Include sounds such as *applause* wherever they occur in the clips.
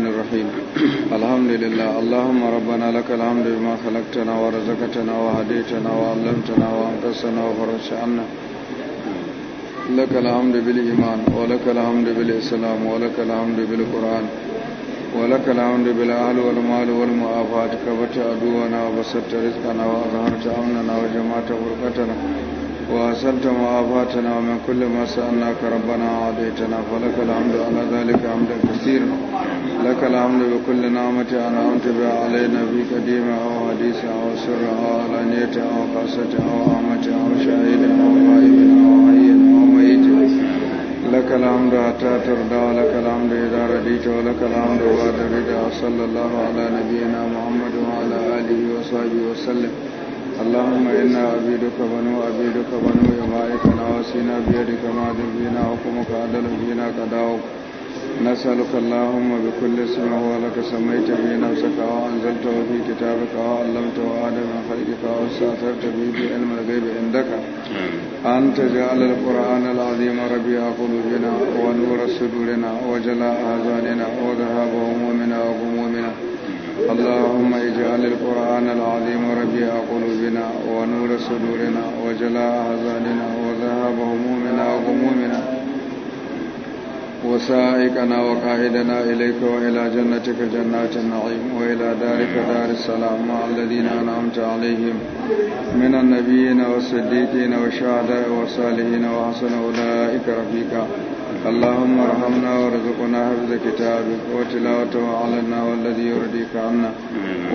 الرحمن الرحيم *clears throat* الحمد لله اللهم ربنا لك الحمد بما خلقتنا ورزقتنا وهديتنا وعلمتنا وأنقذتنا وفرجت عنا لك الحمد بالإيمان ولك الحمد بالإسلام ولك الحمد بالقرآن ولك الحمد بالأهل والمال والمعافاة كبت عدونا وبسطت رزقنا وأظهرت أمننا وجمعت فرقتنا وأسألت ما آباتنا ومن كل ما سألناك ربنا عاديتنا فلك الحمد على ذلك عمدا كثيرا لك الحمد بكل نعمة أنا أنتبع علينا في قديمة أو حديثة أو سرعة أو علانية أو قصة أو عامة أو شاهدة أو غائبة أو عين أو ميتة لك الحمد حتى ترضى ولك الحمد إذا رديت ولك الحمد بعد رضا صلى الله على نبينا محمد وعلى آله وصحبه وسلم اللهم إنا عبيدك بنو عبيدك بنو إمائك نواسينا بيدك ماض فينا حكمك عدل بينا قضاؤك نسألك اللهم بكل اسم هو لك سميت به نفسك وأنزلته في كتابك وعلمته آدم من خلقك أو استأثرت به في علم الغيب عندك أن تجعل القرآن العظيم ربيع قلوبنا ونور صدورنا وجلاء آذاننا وذهاب همومنا وغمومنا اللهم اجعل القرآن العظيم ربيع قلوبنا ونور صدورنا وجلاء أحزاننا وذهاب همومنا وغمومنا وسائقنا وقائدنا إليك وإلى جنتك جنات النعيم وإلى دارك دار السلام مع الذين أنعمت عليهم من النبيين والصديقين والشهداء والصالحين وحسن أولئك رفيقا اللهم ارحمنا وارزقنا حفظ كتابك وتلاوته علينا والذي يرضيك عنا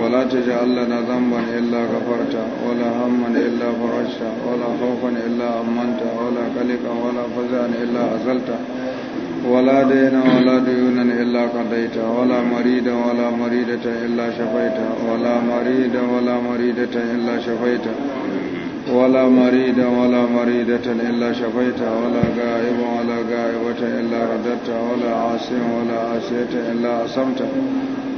ولا تجعل لنا ذنبا الا غفرته ولا هما الا فرجته ولا خوفا الا امنته ولا قلقا ولا فزعا الا ازلته ولا دين ولا ديون إلا قضيت ولا مريد ولا مريدة إلا شفيت ولا مريد ولا مريدة إلا شفيت ولا مريد ولا مريدة إلا شفيت ولا غائب ولا غائبة إلا رددت ولا عاصم ولا عاصية إلا أصمت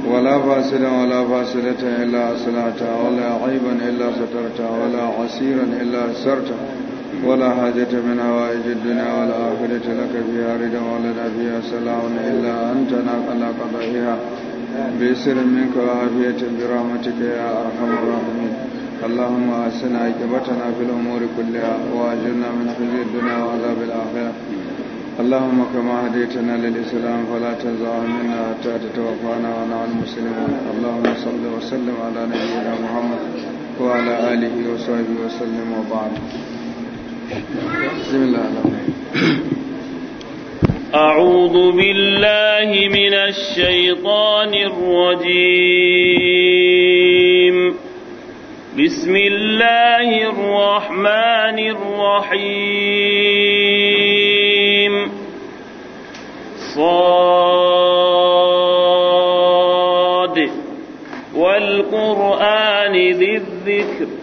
ولا فاسد ولا فاسدة إلا أصلحت ولا عيبا إلا سترت ولا عسيرا إلا أسرت ولا حاجة من هوائج الدنيا والآخرة لك فيها رضا ولنا فيها سلام إلا أنت ناقل قضائها بسر منك وعافية برحمتك يا أرحم الراحمين اللهم أحسن عاقبتنا في الأمور كلها وأجرنا من خزي الدنيا وعذاب الآخرة اللهم كما هديتنا للإسلام فلا تنزعه منا حتى تتوفانا ونحن المسلمون اللهم صل وسلم على نبينا محمد وعلى آله وصحبه وسلم وبعد بسم الله أعوذ بالله من الشيطان الرجيم بسم الله الرحمن الرحيم صاد والقرآن ذي الذكر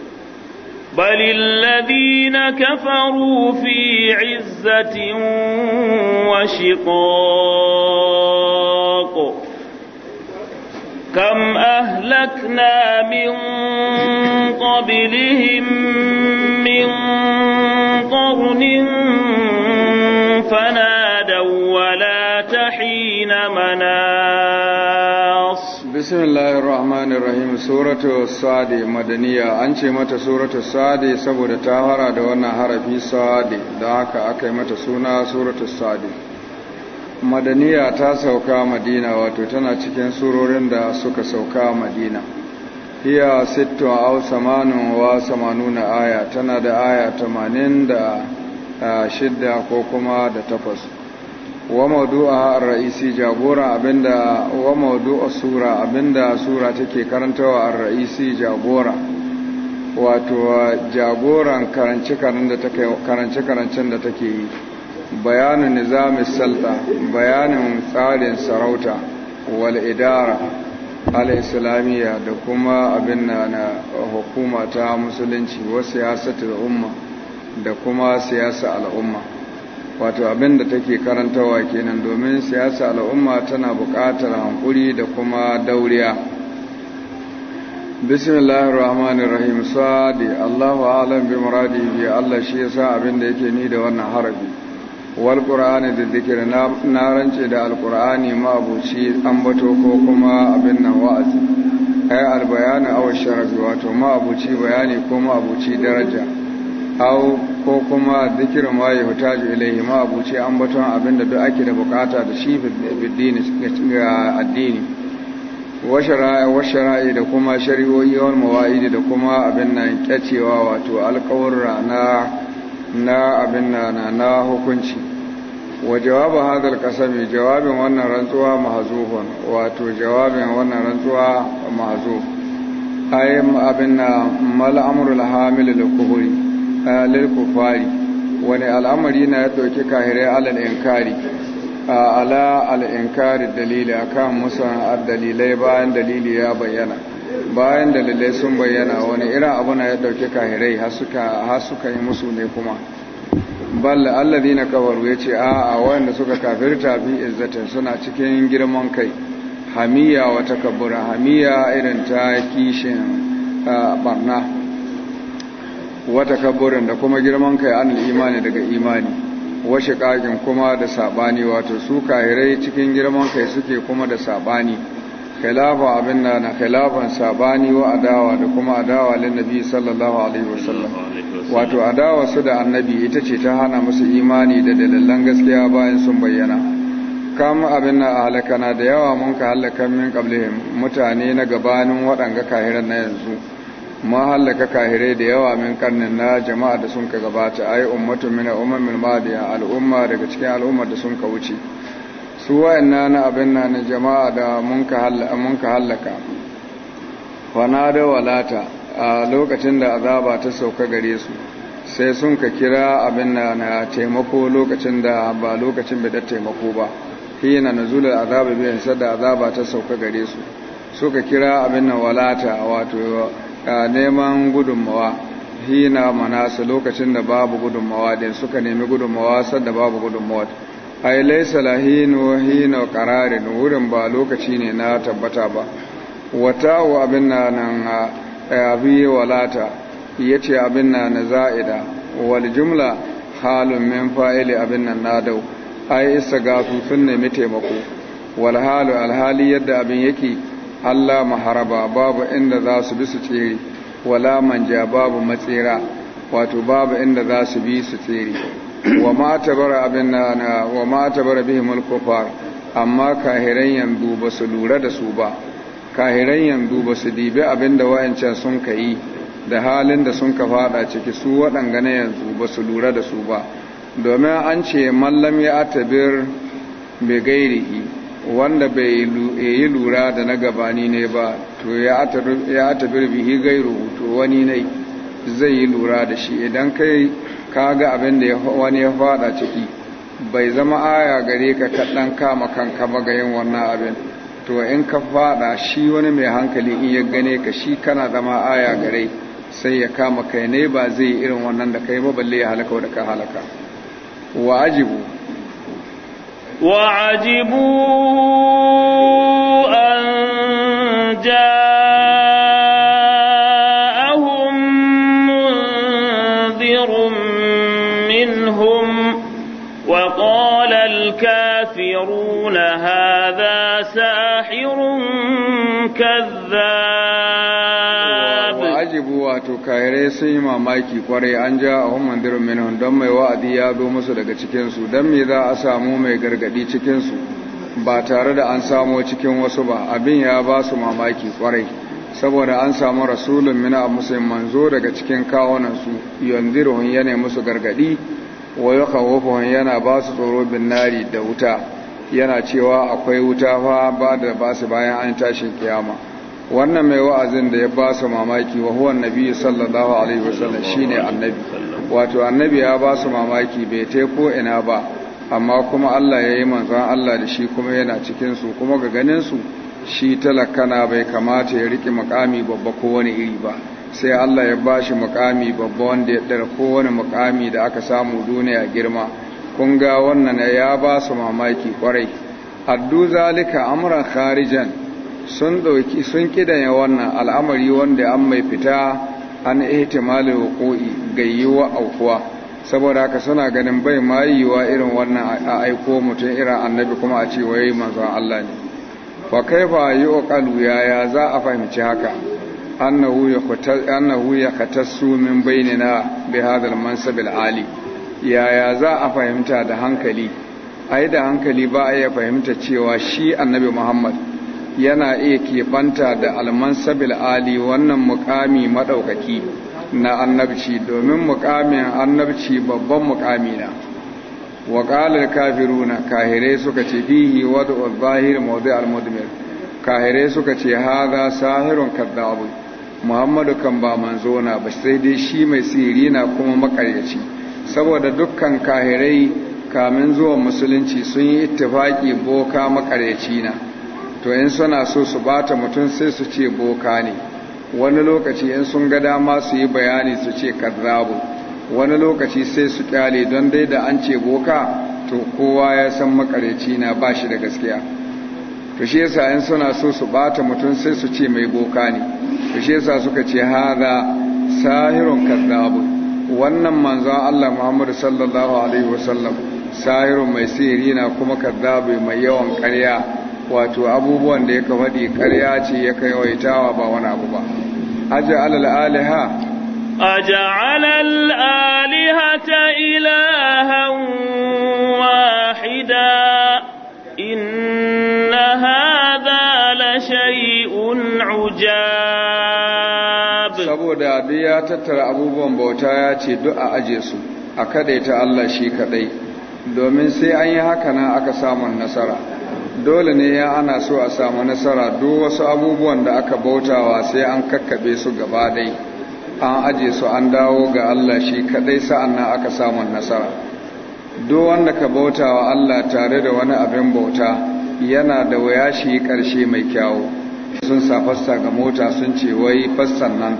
بل الذين كفروا في عزة وشقاق كم أهلكنا من قبلهم من قرن فنادوا ولا تحين مناد bismillahir rahmanir suratu sadi madaniya an ce mata suratu sadi saboda ta fara da wannan harafi sadi da haka aka yi mata suna suratu sadi madaniya ta sauka madina wato tana cikin surorin da suka sauka madina hiya sittu aw samanun wa samanuna aya tana da aya 86 ah, ko kuma da takwas wa mawdu'a ar-ra'isi jagora abinda wa a sura abinda sura take karantawa raisi jagora wato jagoran karance karancin da take yi bayanin nizamin salta bayanin tsarin sarauta wal idara al-islamiyya da kuma abin na hukuma ta musulunci wa siyasar umma da kuma siyasa al'umma wato abin da take karantawa kenan domin siyasa al'umma tana buƙatar hankuri da kuma dauriya bismillahir rahmanir rahim sadi allahu alam bi muradi bi allah shi yasa abin da yake ni da wannan harafi wal qur'ani da zikir na rance da qur'ani ma abuci ambato ko kuma abin nan wa'azi ay bayani aw sharafi wato ma abuci bayani ko ma abuci daraja hau ko kuma zikirin ma ya huta ilaihi ma abuce an baton abin da duk ake da bukata da shi dini ga addini shara'i da kuma shari'o'i wa mawa'idi da kuma abin nan kyacewa wato alƙawarra na na abin nan na hukunci wa jawabu hadal qasami jawabin wannan rantsuwa mahzufun wato jawabin wannan rantsuwa mahzuf ayyam abin nan mal amrul hamil lil kufri alal kufari wani al'amari na ya ɗauki kahirai alal inkari ala al inkari dalili akan musan dalilai bayan dalili ya bayyana bayan dalilai sun bayyana wani irin abu na ya ɗauki kahirai har suka yi musu ne kuma balla alladhina kafaru yace a a wanda suka kafirta bi izzatin suna cikin girman kai hamiya wa takabbura hamiya irin ta kishin barna wata kaburin da kuma girman kai an imani daga imani washe kagin kuma da saɓani wato su kahirai cikin girman kai suke kuma da saɓani khilafa abin da na khilafan saɓani wa adawa da kuma adawa lin nabi sallallahu alaihi wasallam wato adawa su da annabi ita ce ta hana musu imani da dalilan gaskiya bayan sun bayyana kam abin na halakana da yawa mun ka halakan min qablihim mutane na gabanin waɗanga kahiran na yanzu ma halaka kahirai da yawa min karnin na jama'a da sun ka gabata ai ummatu min ummin madiya al'umma daga cikin al'ummar da sun ka wuce su wayanna na abin na na jama'a da mun ka halaka mun ka halaka da walata a lokacin da azaba ta sauka gare su sai sun ka kira abin na na taimako lokacin da ba lokacin bai da taimako ba hina nuzulul azabi bi hisada azaba ta sauka gare su suka kira abin na walata wato neman gudunmawa hina manasu lokacin da babu gudunmawa din suka nemi gudunmawa sadda babu gudunmawa ai laisa lahinu hina qararin wurin ba lokaci ne na tabbata ba wata wa abin nan abi walata yace abin nan za'ida wal jumla halun min fa'ili abin nan nadau ai isa gafu sun nemi taimako wal halu alhali yadda abin yake halla maharaba babu inda za su bi su tsere wala manja babu matsera wato babu inda za su bi su tsere wa ma tabara abin na wa ma tabara amma kahiran yanzu ba su lura da su ba kahiran yanzu ba su dibi abin da wayancan sun yi da halin da sun ka fada ciki su waɗanga na yanzu ba su lura da su ba domin an ce mallam ya atabir bai gairihi wanda bai eh, yi lura da na gabani ne ba to ya tafi bihi gairu to wani ne zai yi lura da shi idan kai ka ga abin da wani ya fada ciki bai zama aya gare ka kaɗan kama kanka ba ga yin wannan abin to in ka fada shi wani mai hankali in ya gane ka shi kana zama aya gare sai ya kama kai ne ba zai irin wannan da kai ba balle ya halaka da ka halaka wa وعجبوا أن جاءهم منذر منهم وقال الكافرون هذا ساحر كذاب kayarai sun yi mamaki kwarai an ja a hun mandirin don mai wa'adi ya zo musu daga cikinsu don me za a samu mai gargadi cikinsu ba tare da an samo cikin wasu ba abin ya ba su mamaki kwarai saboda an samu rasulun mina musulun manzo daga cikin kawunansu yanzirun ya ne musu gargadi wa ya kawo yana ba su tsoro bin nari da wuta yana cewa akwai wuta fa ba da ba su bayan an tashin kiyama wannan mai wa'azin da ya ba su mamaki wa huwan nabi sallallahu alaihi wasallam shine annabi wato annabi ya ba su mamaki bai ta ko ina ba amma kuma Allah ya yi manzan Allah da shi kuma yana cikinsu, kuma ga ganinsu shi talakana bai kamata ya rike mukami babba ko wani iri ba sai Allah ya ba shi makami babba wanda ya ko wani mukami da aka samu duniya girma kun ga wannan ya ba su mamaki kwarai addu zalika amran kharijan sun ɗauki sun kidanya wannan al'amari wanda an mai fita an ihtimali wuqu'i ga yiwa aukuwa saboda haka suna ganin bai ma yiwa irin wannan a aiko mutum irin annabi kuma a ce wai manzon Allah ne fa kaifa yuqalu ya ya za a fahimci haka annahu yaqtal annahu katassu min bainina bi hadal mansab al-ali ya ya za a fahimta da hankali ai da hankali ba a iya fahimta cewa shi annabi Muhammad yana iya keɓanta da almansabil ali wannan mukami maɗaukaki na annabci domin mukamin annabci babban mukami na waƙalar kafiruna kahirai suka ce fihi wadda zahir mawadi al-mudmir kahirai suka ce haza sahirun kaddabu muhammadu kan ba manzo na ba sai dai shi mai sihiri na kuma makaryaci saboda dukkan kahirai kamin zuwa musulunci sun yi ittifaki boka makaryaci na to in suna so su bata mutum sai su ce boka ne wani lokaci in sun ga dama su yi bayani su ce kazzabu wani lokaci sai su kyale don dai da an ce boka to kowa ya san makareci na ba shi da gaskiya to shi yasa in suna so su bata mutum sai su ce mai boka ne to shi yasa suka ce haza sahirun kazzabu wannan manzon Allah Muhammadu sallallahu alaihi wasallam sahirun mai sihiri na kuma kazzabu mai yawan karya wato abubuwan da ya faɗi karya ce ya kai waitawa ba wani abu ba aji alal'aliha aji Aliha ta ilahan wahida inna hada la shay'un ujab saboda duk ya tattara abubuwan bauta ya ce duk a aje su a kadaita Allah shi kadai domin sai an yi haka nan aka samun nasara dole ne ya ana so a samu nasara duk wasu abubuwan da aka bautawa sai an kakkabe su gaba dai an aje su an dawo ga Allah shi kadai sa'an nan aka samu nasara duk wanda ka bautawa Allah tare da wani abin bauta yana da waya shi karshe mai kyawu sun sa fassa ga mota sun ce wai fassan nan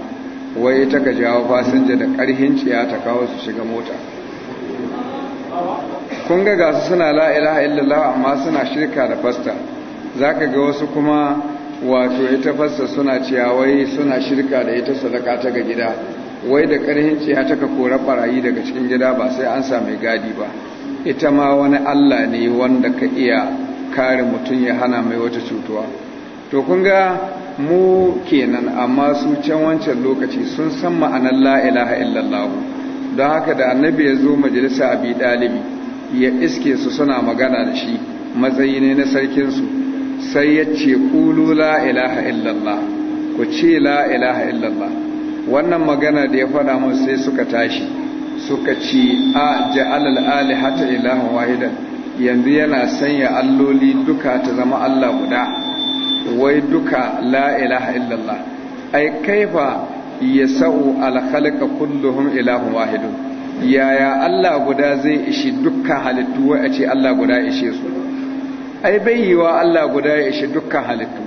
wai ta ka jawo fasinja da karhin ciya ta kawo su shiga mota kun ga gasu suna la ilaha illallah amma suna shirka da fasta za ka ga wasu kuma wato ita fasta suna ciyawai suna shirka da ita sadaka ta ga gida wai da karhin ciya ta ka kora barayi daga cikin gida ba sai an sami gadi ba ita ma wani Allah ne wanda ka iya kare mutum ya hana mai wata cutuwa to kun ga mu kenan amma su can wancan lokaci sun san ma'anar la ilaha illallah don haka da annabi ya zo majalisa abi dalibi ya iske su suna magana da shi matsayi ne na sarkinsu sai ya ce ƙulu la ilaha illallah ku ce la ilaha illallah wannan magana da ya faɗa mun sai suka tashi suka ci a ja'alal hata ilahan wahidan yanzu yana sanya alloli duka ta zama Allah guda wai duka la ilaha illallah ai kaifa yasau al khalqa kulluhum ilahun wahidun yaya Allah guda zai ishi dukkan halittu wai a ce Allah guda ishe su ai bai yi wa Allah guda ya ishi dukkan halittu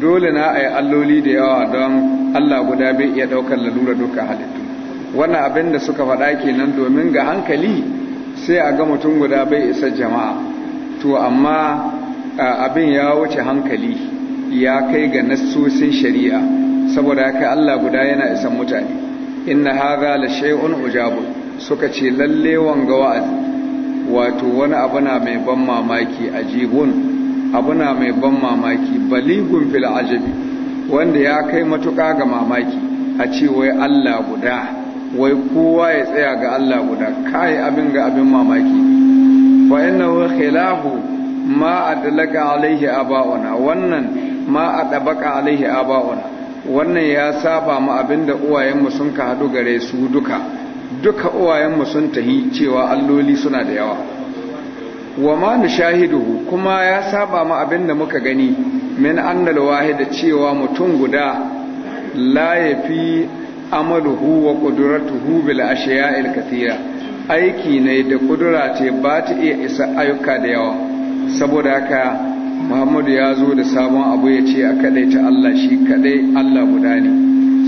dole na yi alloli da yawa don Allah guda bai iya daukar lalura dukkan halittu wannan abin da suka faɗa kenan domin ga hankali sai a ga mutum guda bai isa jama'a to amma abin ya wuce hankali ya kai ga nassosin shari'a saboda ya kai Allah guda yana isan mutane inna hadha la shay'un ujabun suka ce lalle wanga wa'azi wato wani abu na mai ban mamaki ajibun abu na mai ban mamaki baligun fil ajabi wanda ya kai matuka ga mamaki a ce wai Allah guda wai kowa ya tsaya ga Allah guda kai abin ga abin mamaki fa innahu khilahu ma adlaka alaihi abauna wannan ma adabaka alaihi abauna wannan ya saba mu abinda uwayenmu sun ka hadu gare su duka duka uwayenmu sun tahi cewa alloli suna da yawa wa ma nushahiduhu kuma ya saba mu abinda muka gani min annal wahid cewa mutum guda la yafi amaluhu wa qudratuhu bil ashiya'il kathira aiki ne da kudura ce ba ta iya isa ayyuka da yawa saboda haka Muhammadu ya zo da sabon abu ya ce a kadai ta Allah shi kadai Allah guda ne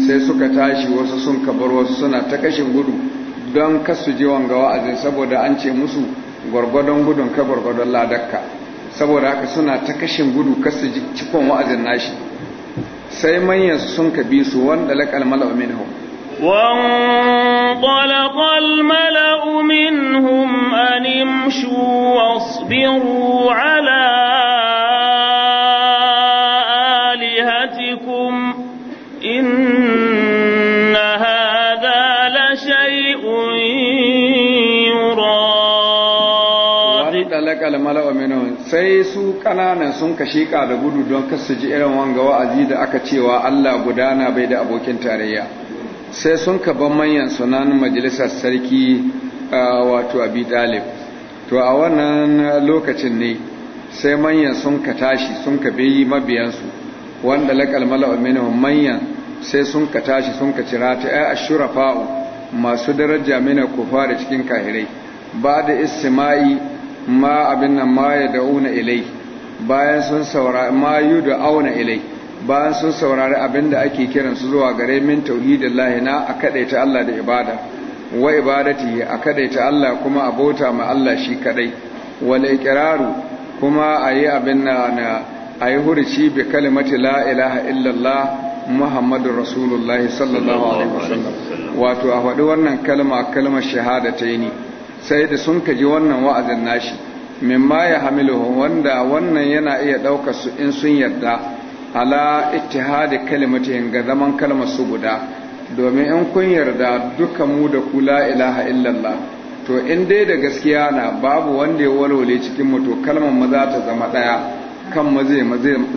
sai suka tashi wasu sun kabar wasu suna ta kashin gudu don kasu je wanga wa'azin saboda an ce musu gwargwadon gudun ka gwargwadon ladakka saboda haka suna ta kashin gudu kasu cikon wa'azin nashi sai manyan sun ka bi su wanda laƙal mala'u minhu وانطلق الملأ منهم امشوا واصبروا على falakal sai su kananan sun kashe ka da gudu don kasu ji irin wanga wa'azi da aka cewa Allah gudana bai da abokin tarayya sai sun ka ban manyan sunan majalisar sarki wato Abi dalib to a wannan lokacin ne sai manyan sun ka tashi sun ka bi mabiyansu wanda lakal mala'u minhum manyan sai sun ka tashi sun ka cira ta ashura ashurafa'u masu daraja mina da cikin kahirai ba da isima'i ma abin nan ma ya da'una ilai bayan sun saurari ma yu da'una ilai bayan sun saurari abin da ake kiran su zuwa gare min tauhidin lahina a kadaita Allah da ibada wa ibadati a kadaita Allah kuma a bauta ma Allah shi kadai wal iqraru kuma ayi abin na ayi hurci bi kalimati la ilaha illallah muhammadur rasulullahi sallallahu Alaihi wasallam wato a faɗi wannan kalma kalmar shahadatai ne sai da sun kaji wannan wa'azin nashi ma ya hamiluhu wanda wannan yana iya ɗaukar su in sun yarda ala ittihadi kalimatin ga zaman kalmar su guda domin in kun yarda duka mu da ku la ilaha illallah to in dai da gaskiya na babu wanda ya walwale cikin mu to kalmar mu za ta zama ɗaya kan mu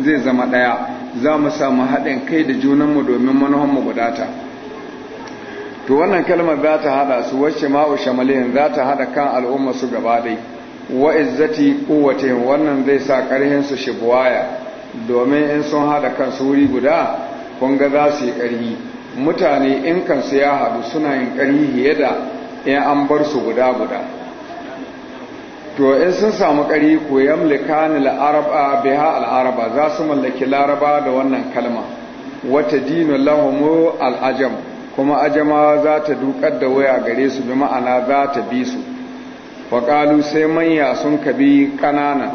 zai zama ɗaya za mu samu haɗin kai da junanmu domin manuhan mu gudata to wannan kalmar za ta hada su wacce ma'u shamalin za ta hada kan al'umma su gaba dai wa izzati quwwatihim wannan zai sa karhin su shibwaya domin in sun hada kan su wuri guda kun ga za su yi karhi mutane in kan su ya hadu suna yin karhi fiye da in an bar su guda guda to in sun samu karhi ko yamlikanil araba biha al araba za su mallaki laraba da wannan kalma wata dinu lahumu al kuma ajamawa za ta dukar da waya gare su bi ma'ana za ta bi su faƙalu sai manya sun ka bi ƙanana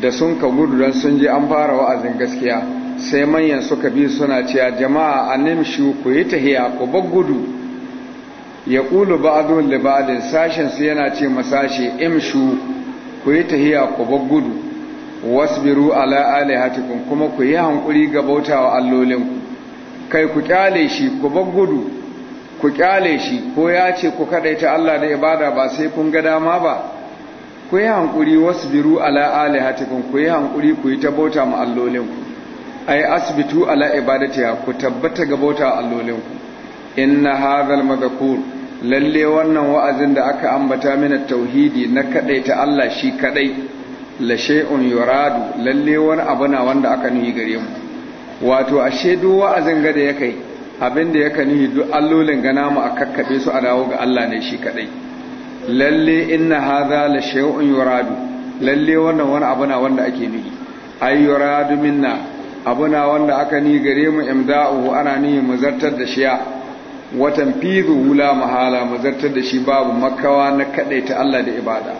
da sun ka gudu don sun ji an fara wa'azin gaskiya sai manyan suka bi suna cewa jama'a a nimshi ku yi tahiya ku bar gudu ya ƙulu ba'adun libadin sashen su yana ce masashe imshu ku yi tahiya ku bar gudu wasu wasbiru ala hatikun, kuma ku yi hankuri ga bautawa allolinku kai ku kyale shi ku bar gudu ku kyale shi ko ya ce ku kadaita Allah da ibada ba sai kun ga dama ba ku yi hankuri wasbiru ala alihatikum ku yi hankuri ku yi tabauta mu allolinku ai asbitu ala ibadatiha ku tabbata ga bauta allolinku inna hadhal madhkur lalle wannan wa'azin da aka ambata mina tauhidi na kadaita Allah shi kadai la shay'un yuradu lalle wani abu na wanda aka nuyi gare mu wato ashe duk wa'azin gada ya kai abinda ya ya kani duk allolin gana mu a kakkaɓe su a dawo ga Allah ne shi kaɗai lalle inna hadha la shay'un yuradu lalle wannan wani abu na wanda ake nihi ay yuradu minna abu na wanda aka ni gare mu imda'u ana nihi mu zartar da shiya watan fizu wula mahala mu zartar da shi babu makawa na ta Allah da ibada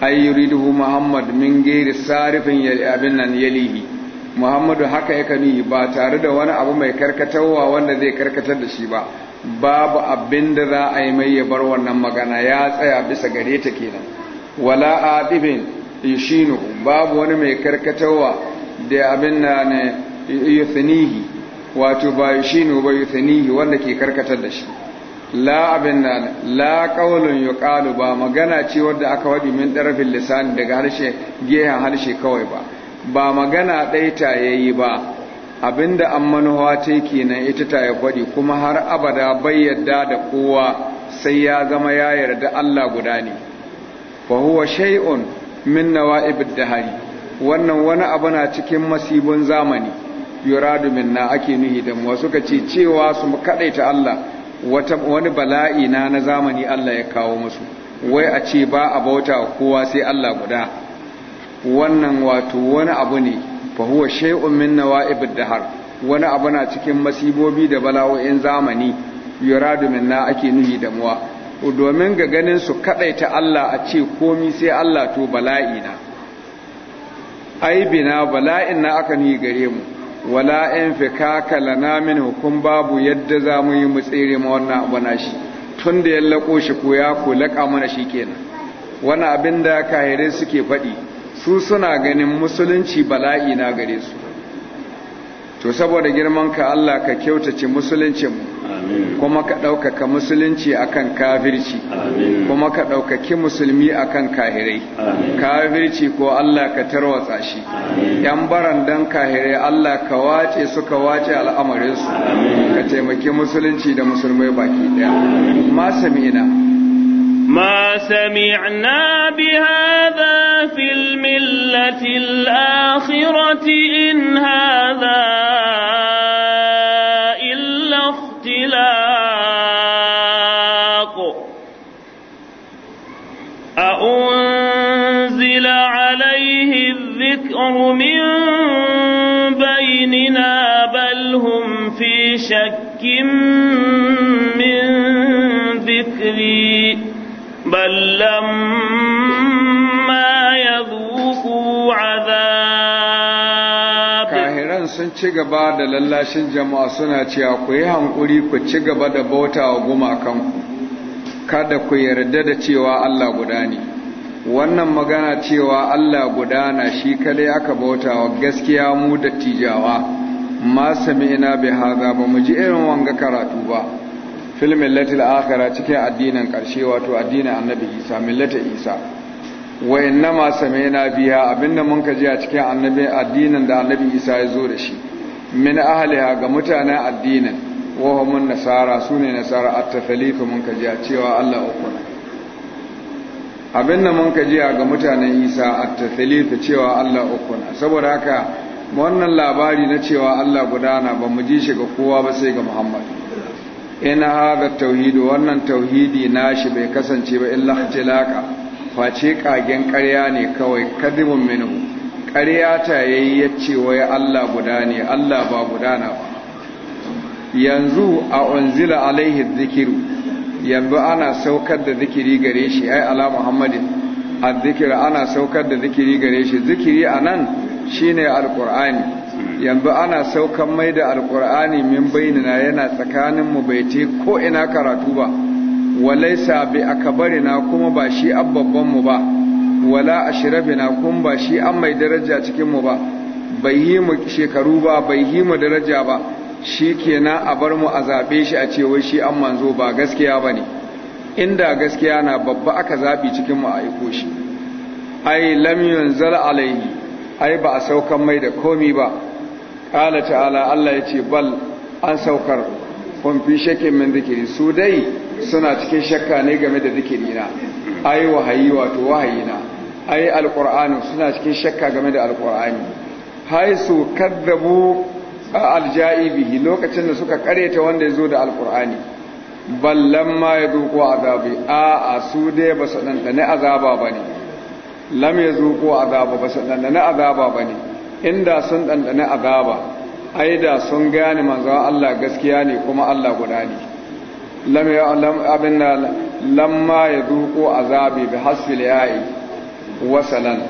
ay yuridu muhammad min gairi sarifin abin nan yalihi muhammadu haka yake ni ba tare da wani abu mai karkatarwa wanda zai karkatar da shi ba babu abin da za a yi mai ya bar wannan magana ya tsaya bisa gare ta kenan wala adibin yushinu babu wani mai karkatarwa da abin na ne yuthnihi wato ba yushinu ba yuthnihi wanda ke karkatar da shi la abin na la qaulun yuqalu ba magana ce wadda aka wadi min darafin lisan daga harshe gehen harshe kawai ba ba magana ɗaita ta yi ba abinda an manuwa ta kenan ita ta ya kwaɗi kuma har abada bai yadda da kowa sai ya zama ya yarda Allah guda ne fa huwa shay'un min da hari. wannan wani abu na cikin masibin zamani yuradu minna ake nuhi da mu wasu kace cewa su kadaita Allah wata wani bala'i na na zamani Allah ya kawo musu wai a ce ba a bauta kowa sai Allah guda wannan wato wani abu ne fa huwa shay'un min nawa'ibid dahr wani abu na cikin masibobi da bala'o'in zamani yuradu minna ake nuhi da muwa domin ga ganin su kadaita Allah a ce komi sai Allah to bala'i na aibina bala'in na aka nuhi gare mu wala in fikaka lana min hukum babu yadda za mu yi mu tsere ma wannan abu na shi tun da ya lako shi ko ya mana shi kenan wani abin da kahirai suke faɗi su suna ganin musulunci bala'i na gare su to saboda girman ka Allah ka kyautace musuluncin kuma ka ɗaukaka musulunci akan kafirci kuma ka ɗaukaki musulmi akan kahirai kafirci ko Allah ka tarwatsa shi yan barandan kahirai Allah ka wace suka wace al'amarinsu ka taimaki musulunci da musulmai baki ɗaya mina ما سمعنا بهذا في الملة الآخرة إن هذا إلا اختلاق أأنزل عليه الذكر من بيننا بل هم في شك من ذكري فلما يذوقوا عذاب كاهران sun ci gaba da lallashin jama'a suna cewa ku yi hankuri ku ci gaba da bautawa gumakan gumakanku kada ku yarda da cewa Allah guda ne wannan magana cewa Allah guda na shi kale aka bauta wa gaskiya mu dattijawa ma ina bai hadha ba mu ji irin wanga karatu ba fil millati al-akhirah cikin addinin karshe wato addinin annabi Isa millata Isa wa innama samaina biya abinda mun ji a cikin annabi addinin da annabi Isa ya zo da shi min ahliha ga mutanen addinin wa hum nasara sune nasara at-tafalifu mun kaji a cewa Allah uku abinda mun kaji ga mutanen Isa at-tafalifu cewa Allah uku saboda haka wannan labari na cewa Allah gudana ba mu ji shi ga kowa ba sai ga Muhammad in haɗa tauhidi wannan tauhidi nashi bai kasance ba illa hajjalaka face kagen ƙarya ne kawai kadibun minu ƙarya ta yayi yace wai Allah guda ne Allah ba gudana ba yanzu a unzila alaihi zikiru yanzu ana saukar da zikiri gare shi ai ala muhammadin zikiri ana saukar da zikiri gare shi zikiri a anan shine alqur'ani yanzu ana saukan mai da alkur'ani min bainina yana tsakanin mu bai ce ko ina karatu ba a bi akbarina kuma ba shi babban mu ba wala na kuma ba shi an mai daraja cikin mu ba bai yi mu shekaru ba bai yi mu daraja ba shi kenan a bar mu a zaɓe shi a cewa shi an manzo ba gaskiya ba ne inda gaskiya na babba aka zaɓi cikin mu a aiko shi ai lam yunzal alaihi ai ba a saukan mai da komi ba ƙala ta'ala Allah ya ce bal an saukar kwamfi shakin min zikiri su dai suna cikin shakka ne game da zikiri na ai wahayi wato wahayi na ai alƙur'ani suna cikin shakka game da alƙur'ani hai su kaddabu aljaibihi lokacin da suka karyata wanda ya zo da alƙur'ani ballan ma ya zuko azabi a a su dai ba su ɗanɗane azaba ba ne lam ya zuko azaba ba su ɗanɗane azaba ba ne inda sun ɗanɗane azaba ai da sun gane manzon Allah gaskiya ne kuma Allah guda ne Lamma ya lam abin lamma yaduqu azabi bi hasil ya'i wasalan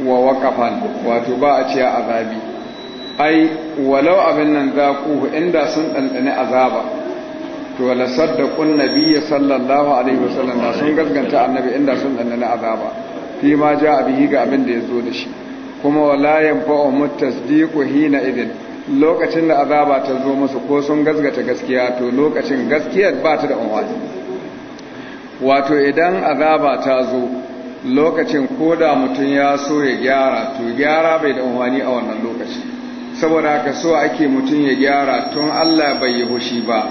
wa waqafan wato ba a ce azabi ai walau abin nan za zaku inda sun ɗanɗane zaba, to la saddaqun ya sallallahu alaihi wasallam sun gaskanta annabi inda sun ɗanɗane zaba, fi ma ja bihi ga abin da ya zo da shi kuma wala yanfa'u mutasdiqu hina idin lokacin da azaba ta zo musu ko sun gasgata gaskiya to lokacin gaskiyar ba ta da umwani wato idan azaba ta zo lokacin koda mutum ya so ya gyara to gyara bai da umwani a wannan lokaci saboda haka so ake mutum ya gyara tun Allah bai yi hushi ba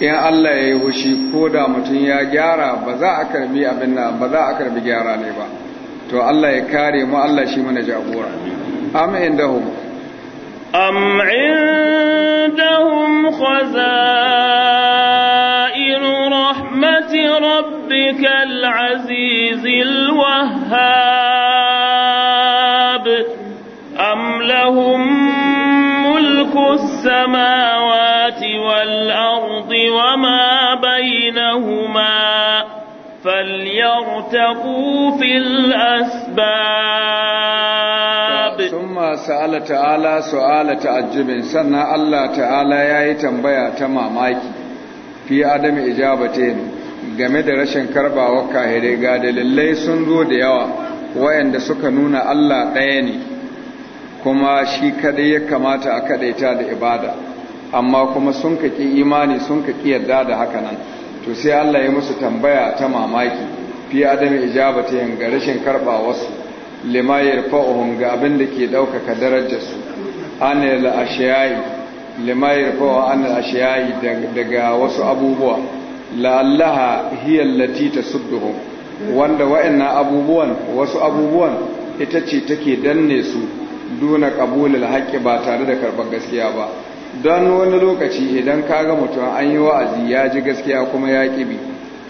in Allah ya yi hushi koda mutum ya gyara ba za a karbi abin nan ba za a karbi gyara ne ba to Allah ya kare mu Allah shi mana jagora am indahum am indahum khazain rahmati rabbikal azizil wahhab am lahum mulku samawati wal ardi wama bainahuma fal وارتقوا في الأسباب ثم سأل تعالى سؤال تعجب سنة الله تعالى يأي بيا تمامايك في عدم إجابتين game da rashin karbawa kahire ga dalilai sun zo da yawa wayanda suka nuna Allah ɗaya ne kuma shi kadai ya kamata a kadaita da ibada amma kuma sun kaki imani sun kaki yarda da hakanan to sai Allah ya musu tambaya ta mamaki fi adami ijabatihim ga rashin karba wasu lima yarfa'uhum ga abin da ke daukaka darajar su anil ashiyai lima yarfa'u anil ashiyai daga wasu abubuwa la'allaha hiya allati tasudduhum wanda wa'annan abubuwan wasu abubuwan ita ce take danne su duna qabulul haqqi ba tare da karba gaskiya ba don wani lokaci idan ka ga mutum an yi wa'azi ya ji gaskiya kuma ya ƙibi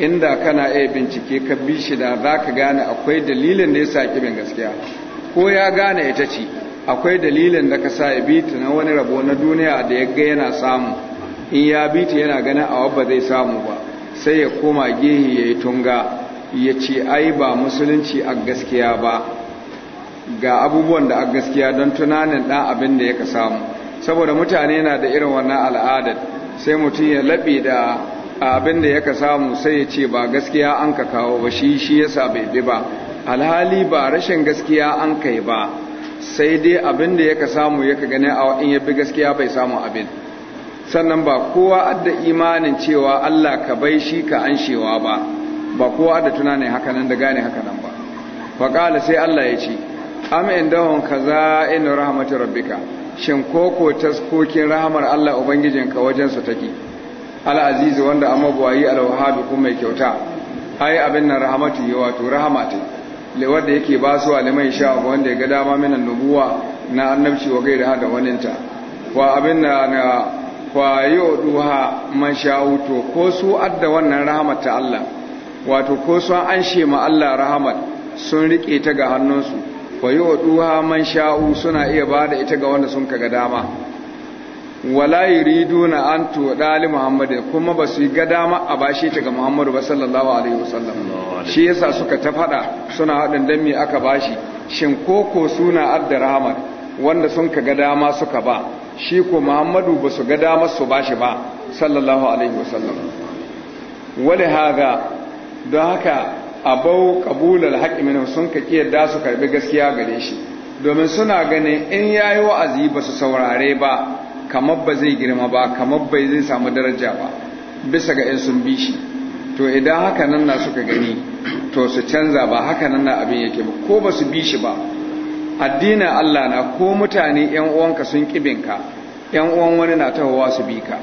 inda kana iya bincike ka bi shi da za ka gane akwai dalilin da ya sa kibin gaskiya ko ya gane ita ce akwai dalilin da ka sa ya bi ta na wani rabo na duniya da ya ga yana samu in ya bi ta yana ganin a wabba zai samu ba sai ya koma gehe ya yi tunga ya ce ai ba musulunci a gaskiya ba ga abubuwan da a gaskiya don tunanin ɗan abin da ya ka samu saboda mutane na da irin wannan al'adar sai mutum ya laɓe da abin da yaka samu sai ya ce ba gaskiya an ka kawo ba shi shi yasa bai bi ba alhali ba rashin gaskiya an kai ba sai dai abin da yaka samu yaka gani a in ya bi gaskiya bai samu abin sannan ba kowa adda imanin cewa Allah ka bai shi ka anshewa ba ba kowa adda tunanin hakanan da gane hakanan ba faƙala sai Allah ya ce am indahum kaza'in rahmatir rabbika shin koko taskokin rahmar Allah ubangijinka wajen su take al’azizu wanda amma buwayi al-wahhab kuma mai kyauta yi abin nan rahamatu yi wato Rahamati. ta yake ba su alimai sha wanda ya ga dama minan nubuwa na annabci wa gaira da waninta wa abin na na kwayo man sha'u to ko su adda wannan rahamata ta Allah wato ko su an she ma Allah rahamat sun rike ta ga hannunsu kwayo duha man sha'u suna iya ba da ita ga wanda sun kaga dama wala na an tuda li Muhammadu. kuma ba su yi ga dama a bashi ta ga muhammadu ba sallallahu alaihi wasallam shi yasa suka ta fada suna haɗin dan me aka bashi shin ko ko suna abdurrahman wanda sun ka ga dama suka ba shi ko muhammadu ba su ga dama su bashi ba sallallahu alaihi wasallam wala haga don haka abau kabulal haqqi minhu sun ka kiyarda su karbi gaskiya gare shi domin suna ganin in yayi wa'azi ba su saurare ba kamar ba zai girma ba kamar bai zai samu daraja ba bisa ga 'yan sun bi shi to idan haka nan na suka gani to su canza ba haka nan na abin yake ba ko ba su bi shi ba addinin Allah na ko mutane 'yan uwanka sun kibinka 'yan uwan wani na tahowa su bi ka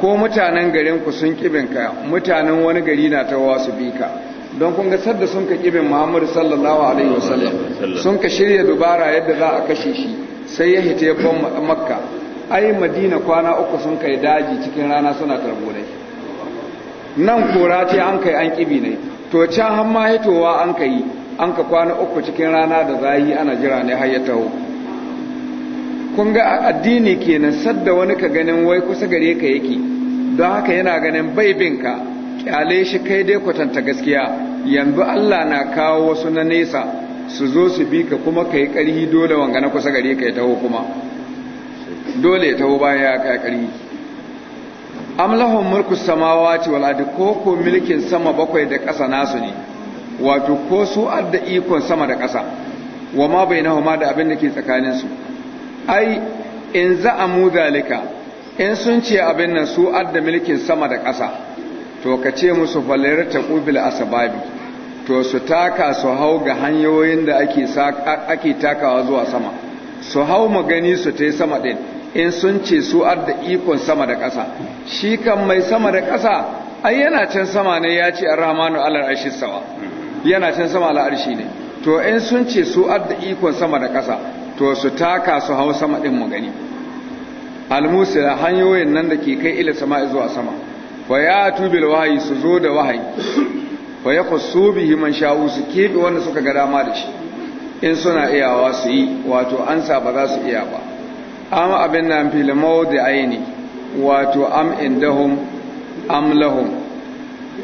ko mutanen garinku sun kibinka mutanen wani gari na tahowa su bi ka don kun ga sadda sun ka kibin Muhammadu sallallahu alaihi wasallam sun ka shirya dubara yadda za a kashe shi sai ya hita ya ban makka ai madina kwana uku sun kai daji cikin rana suna karbo nan kora ce an kai an kibi ne to can har ma hitowa an kai an ka kwana uku cikin rana da zahi ana jira ne har ya taho kun ga addini kenan sadda wani ka ganin wai kusa gare ka yake don haka yana ganin bai bin ka kyale shi kai dai kwatanta gaskiya yanzu Allah na kawo wasu na nesa su zo su bi ka kuma kai karhi dole wanga na kusa gare ka ya taho kuma dole ta taho bayan ya kai karni am mulku samawati wal ardi ko ko milikin sama bakwai da ƙasa nasu ne wato ko su adda ikon sama da ƙasa wa ma bainahuma da abin da ke tsakanin su ai in za a mu zalika in sun ce abin nan su adda milkin sama da ƙasa to ka ce musu falayar taqubil asbabi to su taka su hau ga hanyoyin da ake takawa zuwa sama su hau magani su ta sama ɗin in sun ce su ar da ikon sama da ƙasa shi kan mai sama da ƙasa ai yana can sama ne ya ce arhamanu alal arshi sawa yana can sama alal arshi ne to in sun ce su ar da ikon sama da ƙasa to su taka su hau sama din mu gani almusila hanyoyin nan da ke kai ila sama zuwa sama wa ya tubil wahayi su zo da wahayi wa ya kusu bihi man sha'u su kebe wanda suka ga dama da shi in suna iyawa su yi wato ansa ba za su iya ba am abin nan fil mawdi aini wato am indahum am lahum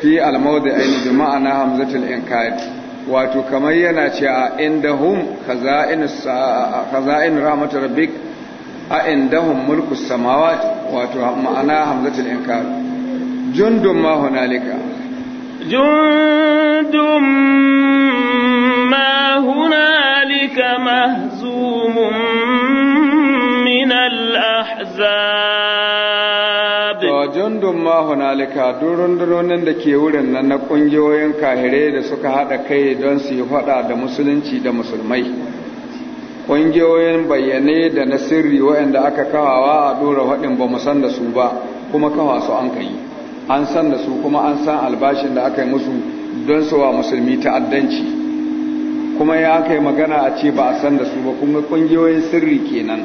fi al mawdi aini bi ma'ana hamzatul inkari wato kamar yana ce a indahum khaza'in khaza'in rahmatur rabbik a indahum mulku samawati wato ma'ana hamzatul inkari jundun ma hunalika jundun ma hunalika العذاب وجند ما هنالك دورون دورون da ke wurin nan na kungiyoyin kahire da suka hada kai don su yi fada da musulunci da musulmai kungiyoyin bayyane da na sirri waɗanda aka kawawa a dora waɗin ba mu san da su ba kuma kawa su an kai an san da su kuma an san albashin da aka yi musu don su wa musulmi ta'addanci kuma ya aka yi magana a ce ba a san da su ba kuma kungiyoyin sirri kenan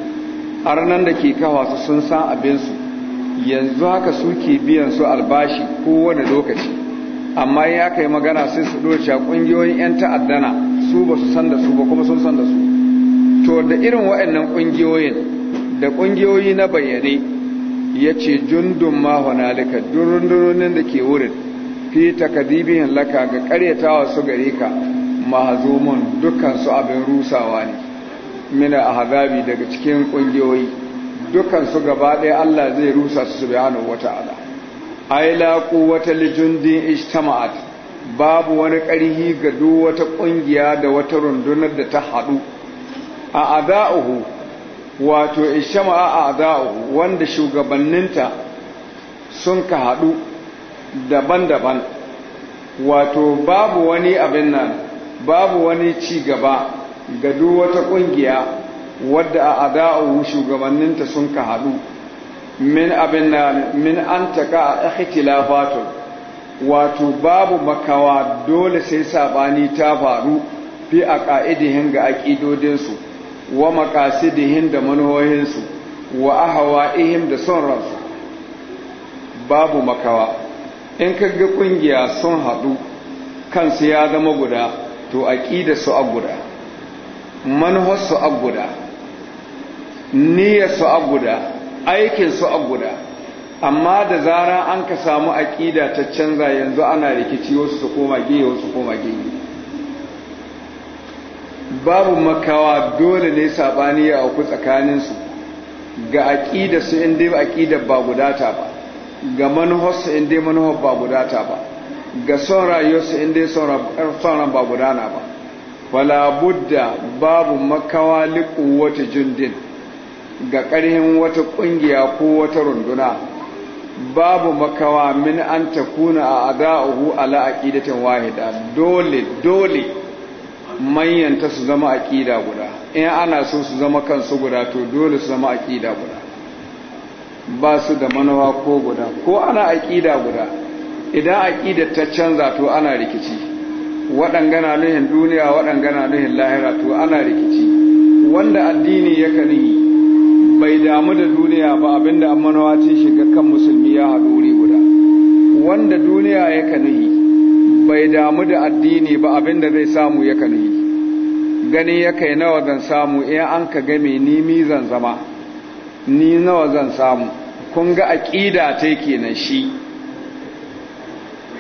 arnan da ke kawa su sun san abinsu yanzu haka su ke biyan su albashi kowane lokaci amma ya kai magana sai su doce kungiyoyin 'yan ta'addana su ba su san da su ba kuma sun san da su to da irin waɗannan kungiyoyin da kungiyoyi na bayyane ya ce jundun mahonalika durundurunin da ke wurin fi takadibihin laka ga karyatawa su gare ka mahazumun dukkan dukansu abin rusawa ne mina ahzabi daga cikin kungiyoyi dukkan su gaba ɗaya Allah zai rusa su subhanahu wata'ala ai la quwwata li ijtama'at babu wani ƙarhi ga duk wata kungiya da wata rundunar da ta hadu a ada'uhu wato ijtama'a a ada'uhu wanda shugabanninta sun ka hadu daban-daban wato babu wani abin nan babu wani ci gaba ga duk wata ƙungiya wadda a ada'u shugabanninta sun ka haɗu min abin na min an taka ikhtilafatun wato babu makawa dole sai saɓani ta faru fi a ka'idihin ga aƙidodinsu wa makasidihin da manuhohinsu wa a ahawa'ihim da son ransu babu makawa in kaga ƙungiya sun haɗu kansu ya zama guda to aƙida su a guda manuwarsu a guda niyyarsu a guda aikinsu a guda amma da zara an ka samu aƙida ta canza yanzu ana rikici wasu su koma giyi wasu su koma giyi babu makawa dole ne saɓani ya auku tsakaninsu ga aƙidarsu inda aƙidar ba gudata ba ga manuharsu inda manuhar ba gudata ba ga son rayuwarsu inda son ran ba gudana ba wala budda babu makawa wata jundin ga ƙarhin wata ƙungiya ko wata runduna babu makawa min an takuna a ada'uhu ala aqidatin wahida dole dole manyanta su zama aqida guda in ana so su zama kansu guda to dole su zama aqida guda ba su da manawa ko guda ko ana aqida guda idan aqidar ta canza to ana rikici waɗanga na nuhin duniya waɗanga na nuhin lahira to ana rikici wanda addini ya kani bai damu da duniya ba abinda an manawa ce shiga kan musulmi ya haɗu wuri guda wanda duniya ya kani bai damu da addini ba abinda zai samu ya kani gani ya kai nawa zan samu in an ka game ni mi zan zama ni nawa zan samu kun ga aƙida ta kenan shi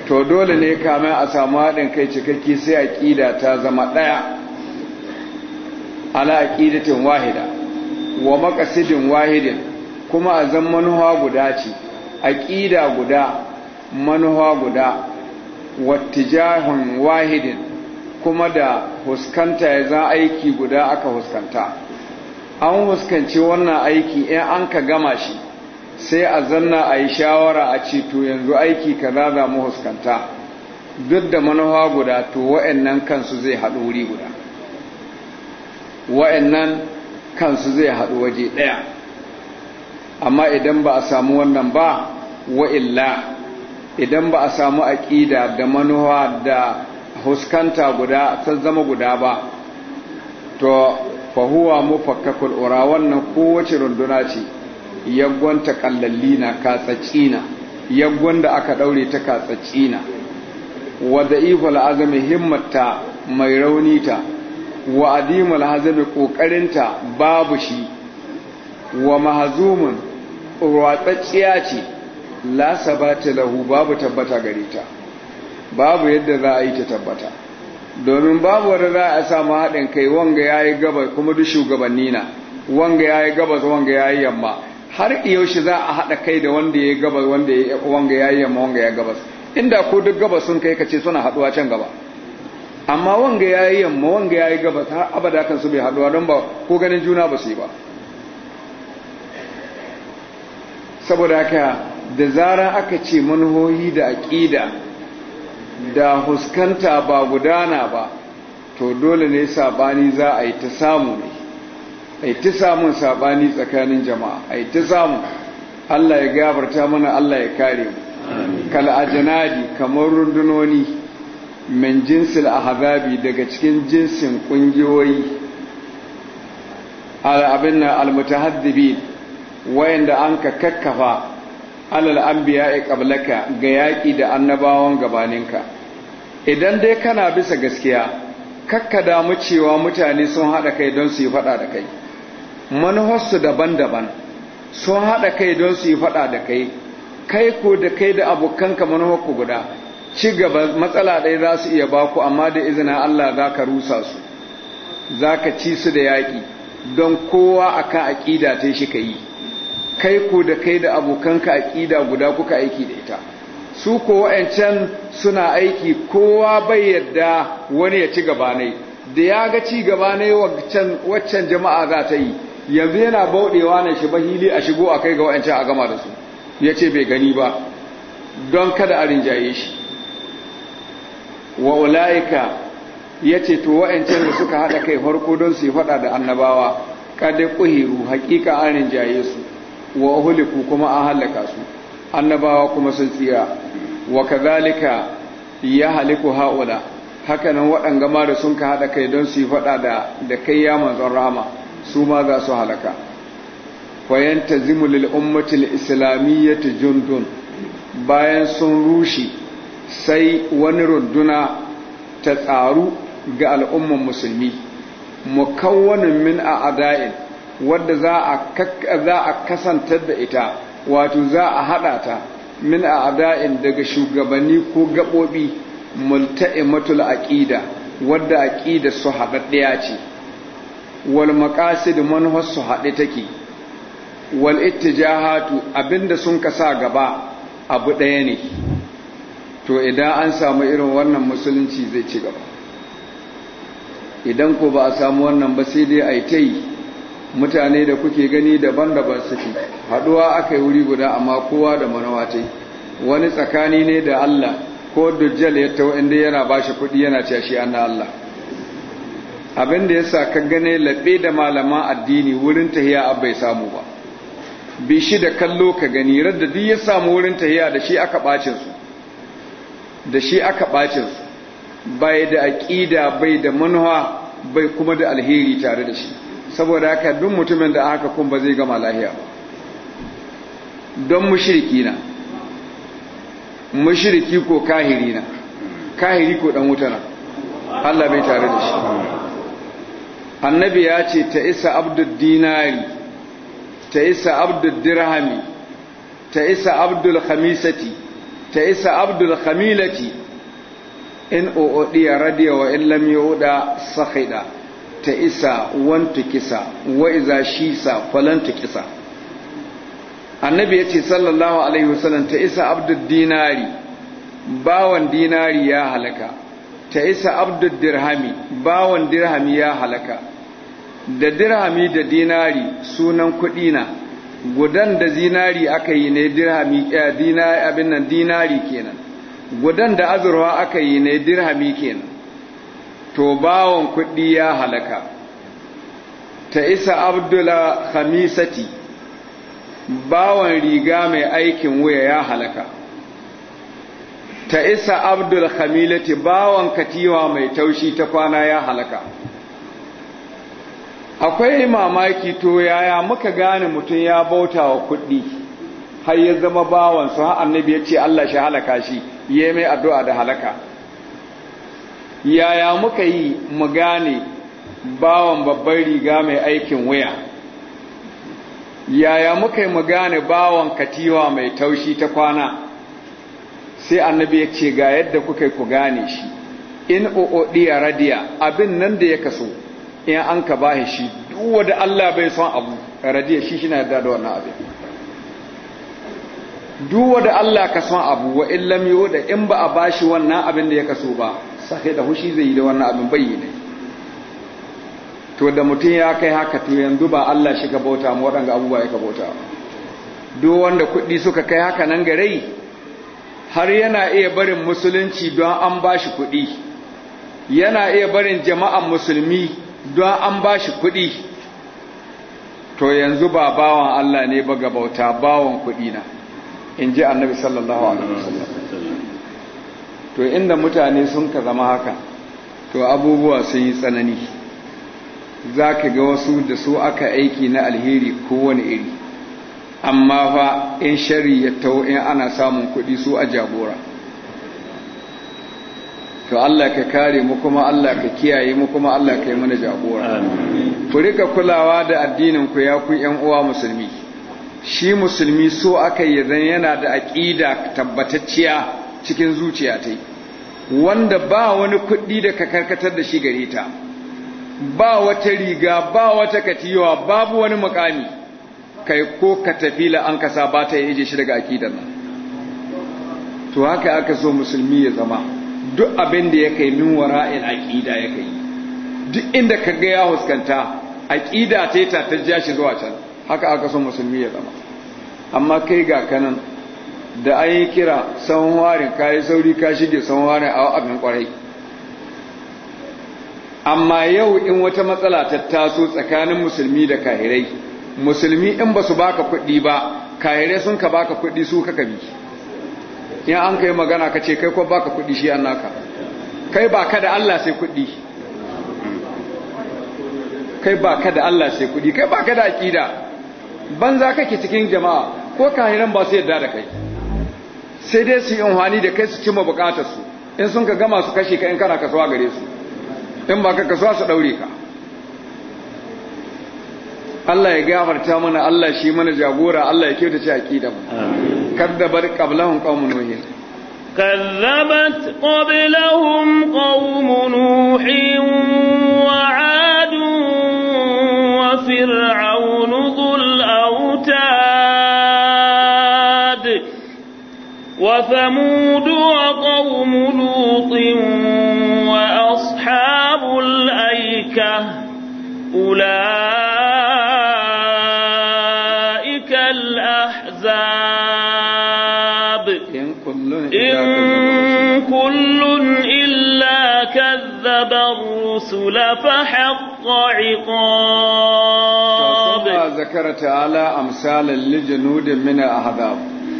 to dole ne kamin a samu haɗin kai cikakki sai aƙida ta zama ɗaya ala aƙidatin wahida wa makasidin wahidin kuma a zan manuwa guda ce aƙida guda manuwa guda wattijahun wahidin kuma da huskanta ya za aiki guda aka huskanta an huskanci wannan aiki in an ka gama shi sai a zanna a yi shawara a ce to yanzu aiki kaza za mu huskanta duk da manufa guda to wa'annan kansu zai haɗu wuri guda wa'annan kansu zai haɗu waje ɗaya amma idan ba a samu wannan ba wa'illa idan ba a samu aƙida da manufa da huskanta guda ta zama guda ba to fahuwa fakka ura wannan kowace runduna ce yaggon ta kallalli na katsacci na yaggon da aka daure ta katsacci na wa da'ifal azami himmata mai rauni ta wa adimul hazami kokarinta babu shi wa mahzumun ruwatsacciya ce la sabata lahu babu tabbata gare ta babu yadda za a yi ta tabbata domin babu wanda za a samu haɗin kai wanga yayi gaba kuma duk shugabanni na wanga yayi gabas wanga yayi yamma har yaushe za a haɗa kai da wanda ya gabas wanda ya wanga ya yi yamma wanga ya gabas inda ko duk gabas sun kai kace suna haɗuwa can gaba amma wanga ya yi yamma wanga ya yi gabas har abada kan su bai haɗuwa don ba ko ganin juna ba su yi ba saboda haka da zara aka ce manhohi da aƙida da huskanta ba gudana ba to dole ne sabani za a yi ta samu ne ai ta samun sabani tsakanin jama'a ai ta samu Allah ya gabarta mana Allah ya kare mu kal ajnadi kamar rundunoni min jinsil ahababi daga cikin jinsin kungiyoyi al abin almutahaddibi wayanda an ka kakkafa alal anbiya kablaka ga yaƙi da annabawan gabaninka idan dai kana bisa gaskiya kakkada damu cewa mutane sun haɗa kai don su yi faɗa da kai manufarsu daban-daban sun haɗa kai don su yi faɗa da kai kai ko da kai da abokanka manufarku guda ci gaba matsala ɗaya za su iya baku amma da izina Allah za ka rusa su za ka ci su da yaƙi don kowa a kan aƙida ta shi ka yi kai ko da kai da abokanka aƙida guda kuka aiki da ita su ko wa'ancan suna aiki kowa bai yadda wani ya ci gaba ne da ya ga ci gaba ne waccan jama'a za ta yi yanzu yana bauɗewa na shi bahili a shigo a kai ga wa'ancan a gama da su ya ce bai gani ba don kada a rinjaye shi wa wula'ika ya ce to wa'ancan da suka haɗa kai farko don su yi faɗa da annabawa kada ƙuhiru haƙiƙa an rinjaye su wa huliku kuma an hallaka su annabawa kuma sun tsira wa kazalika ya haliku ha'ula hakanan waɗanga da sun ka haɗa kai don su yi faɗa da kai ya manzon rama su ma za su halaka fayanta zimulil ummatil islamiyyata jundun bayan sun rushe sai wani runduna ta tsaru ga al'umman musulmi mukawwanin min a ada'in wadda za a kasantar da ita wato za a haɗa ta min a ada'in daga shugabanni ko gaɓoɓi multa'imatul aƙida wadda aqida su haɗaɗɗiya ce wal maqasid manhaj su haɗe take wal ittijahatu abinda sun kasa gaba abu ɗaya ne to idan an samu irin wannan musulunci zai ci gaba idan ko ba a samu wannan ba sai dai a yi ta mutane da kuke gani daban-daban suke haɗuwa aka yi wuri guda amma kowa da manawa ta wani tsakani ne da Allah ko dujjal ya tawo inda yana bashi kudi kuɗi yana cewa shi Allah abin da sa ka gane laɓe da malaman addini wurin tahiya bai samu ba bi shi da kallo ka gani radda duk ya samu wurin tahiya da shi aka bacin su da shi aka bacin su bai da aqida bai da manuwa bai kuma da alheri tare da shi saboda haka duk mutumin da aka kun ba zai gama lahiya ba don mushriki na mushriki ko kahiri na kahiri ko dan wuta na Allah bai tare da shi annabi ya ce ta isa abdul dinari ta isa abdul dirhami ta isa abdul khamisati ta isa abdul khamilati in o'odiya radiya wa in lam yuda sahida ta isa wantu kisa wa iza shisa falantu kisa annabi ya ce sallallahu alaihi wasallam ta isa abdul dinari bawan dinari ya halaka ta isa abdul dirhami bawon dirhami ya halaka da dirhami da dinari sunan kuɗi na gudan da zinari aka yi ne dirhami eh, abin nan dinari kenan gudan da azurwa aka yi ne dirhami kenan to bawon kuɗi ya halaka ta isa abdula khamisati bawon riga mai aikin wuya ya halaka ta isa abdul Khamilati, bawan katiwa mai taushi ta kwana ya halaka akwai mamaki to yaya muka gane mutum ya bauta wa kuɗi har ya zama bawon su har annabi ya ce Allah shi halaka shi ya mai addu'a da halaka yaya muka yi mu gane bawan babban riga mai aikin waya yaya muka yi mu gane bawan katiwa mai taushi ta kwana sai annabi ya ce ga yadda kuka ku gane shi in o'odiya radiya abin nan da ya kaso in an ka bahi shi duwa da Allah bai son abu radiya shi shina yadda da wannan abin duwa da Allah ka son abu wa in lam da in ba a bashi wannan abin da ya kaso ba sai da hushi zai yi da wannan abin bai yi ne to da mutum ya kai haka to yanzu ba Allah shi ka bauta mu waɗanga abubuwa ya ka bauta duk wanda kuɗi suka kai haka nan gare har yana iya barin musulunci don an ba shi kuɗi yana iya barin jama'an musulmi don an ba shi kuɗi to yanzu ba bawan Allah ne ba ga bauta bawan kuɗi na in ji annabi sallallahu alaihi wasallam to inda mutane sun ka zama haka to abubuwa sun yi tsanani za ka ga wasu da su aka aiki na alheri kowane iri amma fa in shari ya taho in ana samun kuɗi su a jagora to Allah ka kare mu kuma Allah ka kiyaye mu kuma Allah ka yi mana jagora ku rika kulawa da addinin ku ya ku ƴan uwa musulmi shi musulmi so aka yi zan yana da aƙida tabbatacciya cikin zuciya ta wanda ba wani kuɗi da ka karkatar da shi gare ta ba wata riga ba wata katiwa babu wani mukami kai ko ka tafi la an kasa ba ta yi shi daga akidar nan to haka aka so musulmi ya zama duk abin da ya kai min wara'in aqida ya kai duk inda ka ga ya huskanta aqida ce ta ta ja shi zuwa can haka aka so musulmi ya zama amma kai ga kanan da an yi kira san warin kayi sauri ka shige san warin a abin kwarai amma yau in wata matsala ta taso tsakanin musulmi da kahirai musulmi in ba su baka kuɗi ba kayare sun ka baka kuɗi su ka kabi. in an kai magana ka ce kai ko baka kuɗi shi an naka kai ba ka da Allah sai kuɗi kai ba ka da Allah sai kuɗi kai ba ka da aƙida banza kake cikin jama'a ko kahiran ba su yadda da kai sai dai su yi unhani da kai su cimma bukatarsu in sun ka gama su kashe ka in kana kasuwa gare su in ba ka kasuwa su ɗaure ka Allah ya gafarta mana Allah shi mana jagora Allah ya kyautace aqidar mu kaddabar qablahum qaumun nuh كذبت قبلهم قوم نوح وعاد وفرعون ذو الأوتاد وثمود وقوم لوط وأصحاب الأيكة أولئك كذب الرسل فحق عقاب ثم ذكر تعالى أمثالا لجنود من الأحزاب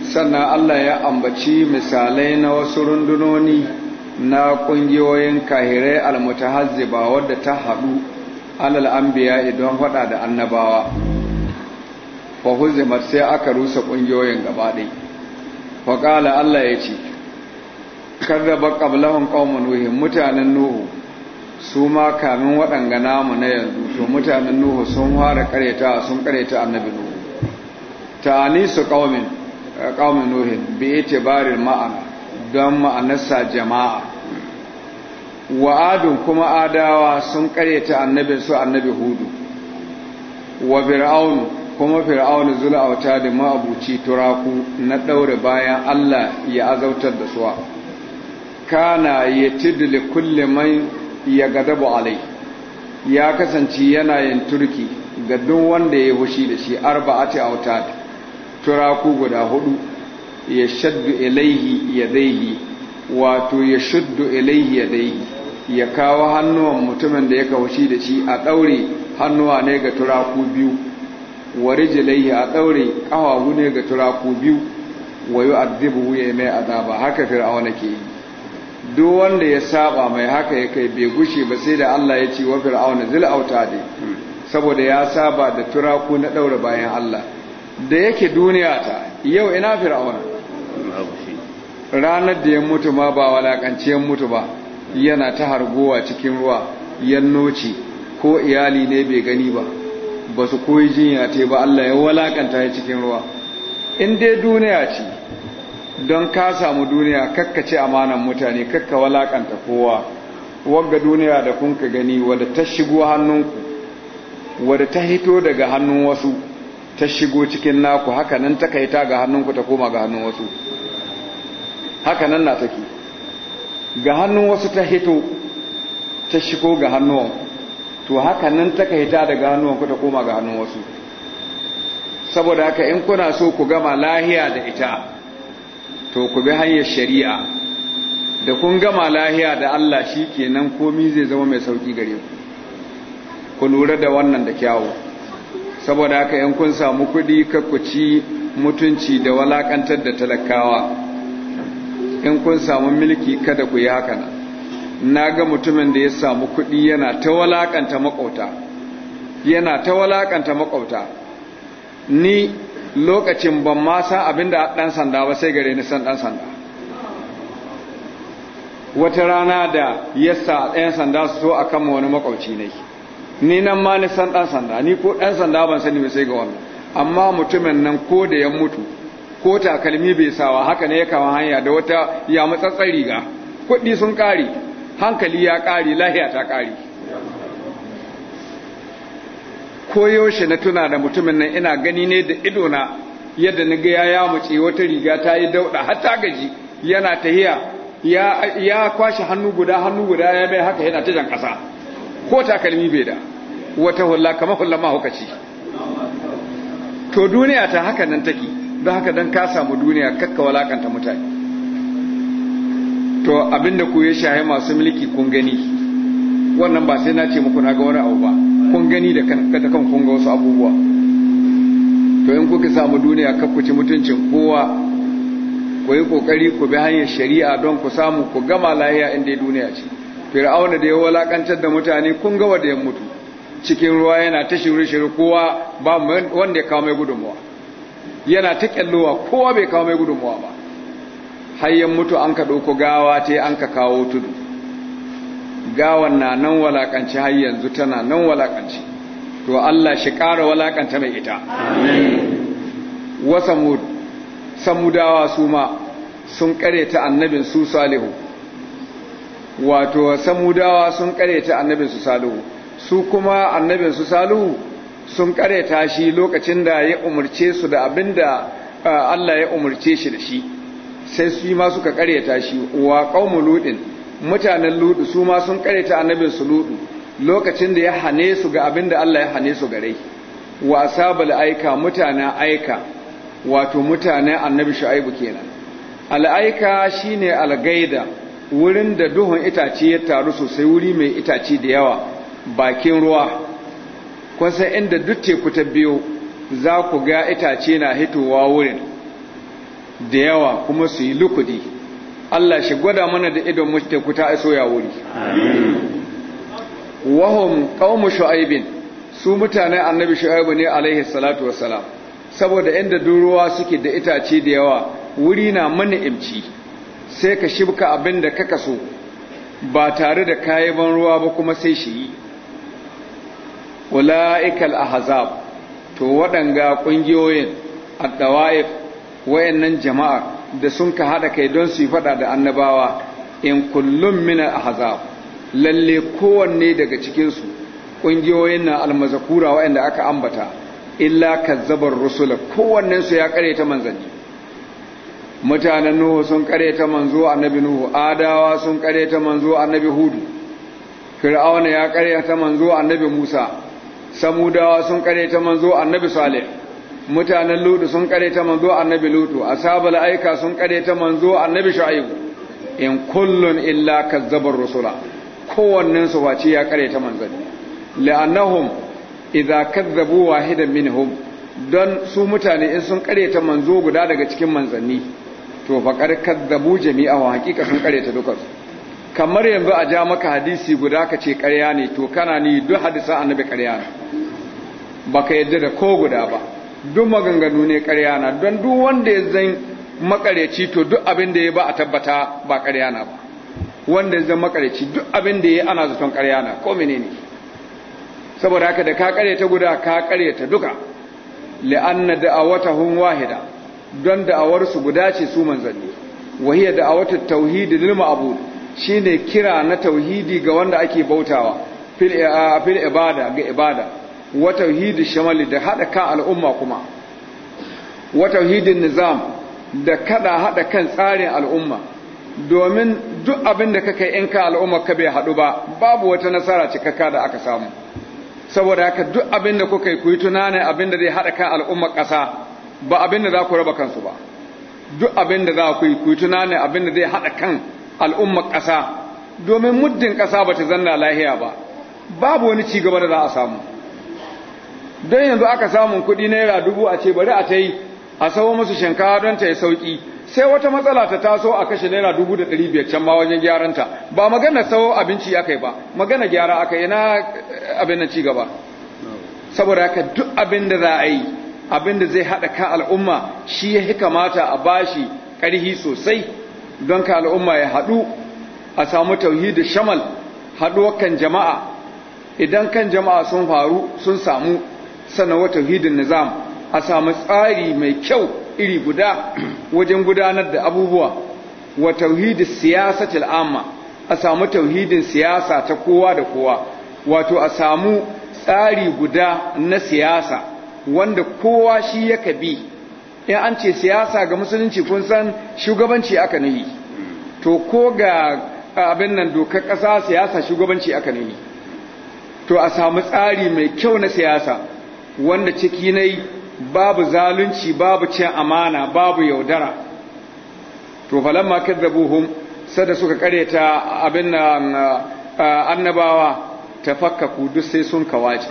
sannan Allah ya ambaci misalai na wasu rundunoni na ƙungiyoyin kahirai almutahazziba wadda ta haɗu alal anbiya idan faɗa da annabawa fa huzimat sai aka rusa ƙungiyoyin gaba ɗai fa Allah ya ce karraba qablahum qaumun nuh mutanen nuhu su ma kamin waɗanga namu na yanzu to mutanen nuhu sun fara kareta sun kareta annabi nuhu ta nisu ƙaumin ƙaumin nuhu bi itibarin ma'ana don ma'anarsa jama'a wa'adun kuma adawa sun kareta annabin su annabi hudu wa fir'aun kuma fir'aunu zulauta da ma'abuci turaku na ɗaure bayan Allah ya azautar da suwa kana ya li kulle man ya gadabu alai ya kasance yana yin turki ga duk wanda ya hushi da shi arba'ati autad turaku guda hudu ya shaddu ilaihi daihi wato ya shaddu ilaihi daihi ya kawo hannuwan mutumin da ya hushi da shi a daure hannuwa ne ga turaku biyu wari jilaihi a daure kafafu ne ga turaku biyu wa yu'adhibuhu ya mai azaba haka fir'auna ke yi duk wanda ya saba mai haka ya kai bai gushe ba sai da Allah ya ce wa fir'auna zil autadi hmm. saboda ya saba da turaku na daura bayan Allah da yake duniya ta yau ina fir'auna ranar da ya mutu ma ba walakance mutu ba yana ta harguwa cikin ruwa yannoci ko iyali ne bai gani ba ba su koyi jinya ta ba Allah ya walakanta ya cikin ruwa in dai duniya ce don ka samu duniya kakka ce amanan mutane kakka walakanta kowa wagga duniya da kun ka gani wadda ta shigo hannunku wadda ta hito daga hannun wasu ta shigo cikin naku hakanan ta kai ta ga hannunku ta koma ga hannun wasu hakanan na take ga hannun wasu ta hito ta shigo ga hannun to hakanan ta kai ta daga ku ta koma ga hannun wasu saboda haka in kuna so ku gama lahiya da ita to ku bi hanyar shari'a da kun gama lahiya da Allah shi kenan komi zai zama mai sauki gare ku ku lura da wannan da kyawu saboda haka yan kun samu kuɗi kakkuci ci mutunci da walakantar da talakawa in kun samu milki kada ku yi haka na ga mutumin da ya samu kuɗi yana ta walakanta makauta yana ta walakanta makauta ni lokacin ban ma san abin abinda dan sanda ba sai gare ni san dan sanda wata rana da yasa ɗan sanda su so a kama wani makwabci ne ni nan ma ni san ɗan sanda ni ko ɗan sanda ban sani ba sai ga wannan amma mutumin nan ko da ya mutu ko takalmi bai sawa haka ne ya kama hanya da wata ya matsatsari riga kuɗi sun ƙari hankali ya ƙari lahiya ta ƙari koyaushe na tuna da mutumin nan ina gani ne da idona yadda na ga ya muce wata riga ta yi dauɗa har ta gaji yana tahiya ya ya kwashi hannu guda hannu guda ya bai haka yana ta jan ƙasa ko takalmi bai da wata hulla kamar kullama ma hukaci to duniya ta haka nan take don haka dan ka samu duniya kakka walakanta mutane to abinda ku ya shahe masu mulki kun gani wannan ba sai na ce muku na ga wani abu ba kun gani da kata kan kun ga wasu abubuwa to in kuka samu duniya kakkuci mutuncin kowa ku yi kokari ku bi hanyar shari'a don ku samu ku gama lahiya inda duniya ce fir'auna da ya walakantar da mutane kun ga wanda ya mutu cikin ruwa yana ta shiru-shiru kowa ba wanda ya kawo mai gudunmuwa yana ta kyallowa kowa bai kawo mai gudunmuwa ba har mutu an ka ɗauko gawa ta an ka kawo tudu gawan na nan walakanci har yanzu tana nan walakanci to Allah shi ƙara walakanta mai ita wa samud samudawa su ma sun ta annabin su salihu wato samudawa sun ta annabin su salihu su kuma annabin su salihu sun ta shi lokacin da ya umarce su da abinda uh, Allah ya umarce shi da shi sai su yi ma suka ta shi wa qaumu ludin mutanen ludu su ma sun kareta annabin su ludu lokacin da ya hane su ga abin da Allah ya hane su gare wasa bal aika mutane aika wato mutane annabi shu'aibu kenan al'aika shine algaida wurin da duhun itace ya taru sosai wuri mai itace da yawa bakin ruwa Kusan inda duk teku ta biyo za ku ga itace na hitowa wurin da yawa kuma su yi lukudi Allah shi gwada mana da idon mu kuta a soya wuri wahon ƙaunmu shu'aibin su mutane annabi shu'aibu ne alaihi salatu wassalam saboda inda duruwa suke da itace da yawa wuri na mana imci sai ka shibka abin da kaka so ba tare da kayi ban ruwa ba kuma sai shi yi ula'ikal ahazab to waɗanga ƙungiyoyin addawa'if wayannan jama'ar da sun ka haɗa kai don su yi faɗa da annabawa in kullum mina ahzab lalle kowanne daga cikinsu ƙungiyoyin na almazakura waɗanda aka ambata illa kazzabar rusula kowannensu ya ta manzanni mutanen nuhu sun ta manzo annabi nuhu adawa sun ta manzo annabi hudu fir'auna ya ta manzo annabi musa samudawa sun ta manzo annabi salih mutanen ludu sun ta manzo annabi lutu ashabul aika sun ta manzo annabi shu'aibu in kullun illa kazzabar rusula kowannen su wace ya ta manzo la'annahum idza kazzabu wahidan minhum don su mutane in sun ta manzo guda daga cikin manzanni to kar kazzabu jami'a wa hakika sun ta dukansu kamar yanzu a ja maka hadisi guda ka ce karya ne to kana ni duk hadisan annabi karya ne baka yadda da ko guda ba duk maganganu ne ƙarya na don duk wanda ya zan makareci to duk abin da ya ba a tabbata ba ƙarya na ba wanda ya zan makareci duk abin da ya ana zaton ƙarya na ko menene saboda haka da ka ta guda ka ta duka wata hun wahida don da'awarsu guda ce su manzanni wahiya da'awatu tauhidi lil ma'bud shine kira na tauhidi ga wanda ake bautawa fil eh, ibada ga ibada wa tauhidin shamali da haɗa kan al'umma kuma wa tauhidin nizam da kada haɗa kan tsarin al'umma domin duk abin da kaka in ka al'umma ka bai haɗu ba babu wata nasara cikakka da aka samu saboda haka duk abin da kuka yi ku yi tunanin abin da zai haɗa kan al'umma ƙasa ba abin da za ku raba kansu ba duk abin da za ku yi ku yi tunanin abin da zai haɗa kan al'umma kasa domin muddin ƙasa ba ta zanna lahiya ba babu wani ci gaba da za a samu don yanzu aka samun kuɗi naira dubu a ce bari a ta yi a sawo musu shinkawa don ta yi sauki sai wata matsala ta taso a kashe naira dubu da ɗari biyar can ma wajen gyaranta ba magana sawo abinci aka yi ba magana gyara aka yi na eh, abin nan ci gaba saboda haka duk abin da za a yi abin da zai haɗa ka al'umma shi ya kamata a bashi ƙarhi sosai don ka al'umma ya haɗu a samu da shamal haɗuwar kan jama'a idan kan jama'a sun faru sun samu sannan wata tauhidin nizam a samu tsari mai kyau iri guda wajen gudanar da abubuwa wa tauhidin siyasatil amma a samu tauhidin siyasa ta kowa da kowa wato a samu tsari guda na siyasa wanda kowa shi yaka bi in an ce siyasa ga musulunci kun san shugabanci aka nuhi to ko ga abin nan dokar ƙasa siyasa shugabanci aka nuhi to a samu tsari mai kyau na siyasa wanda ciki nai babu zalunci babu cin amana babu yaudara to falamma kadzabuhum sada suka kareta abin annabawa tafakkaku duk sai sun kawace.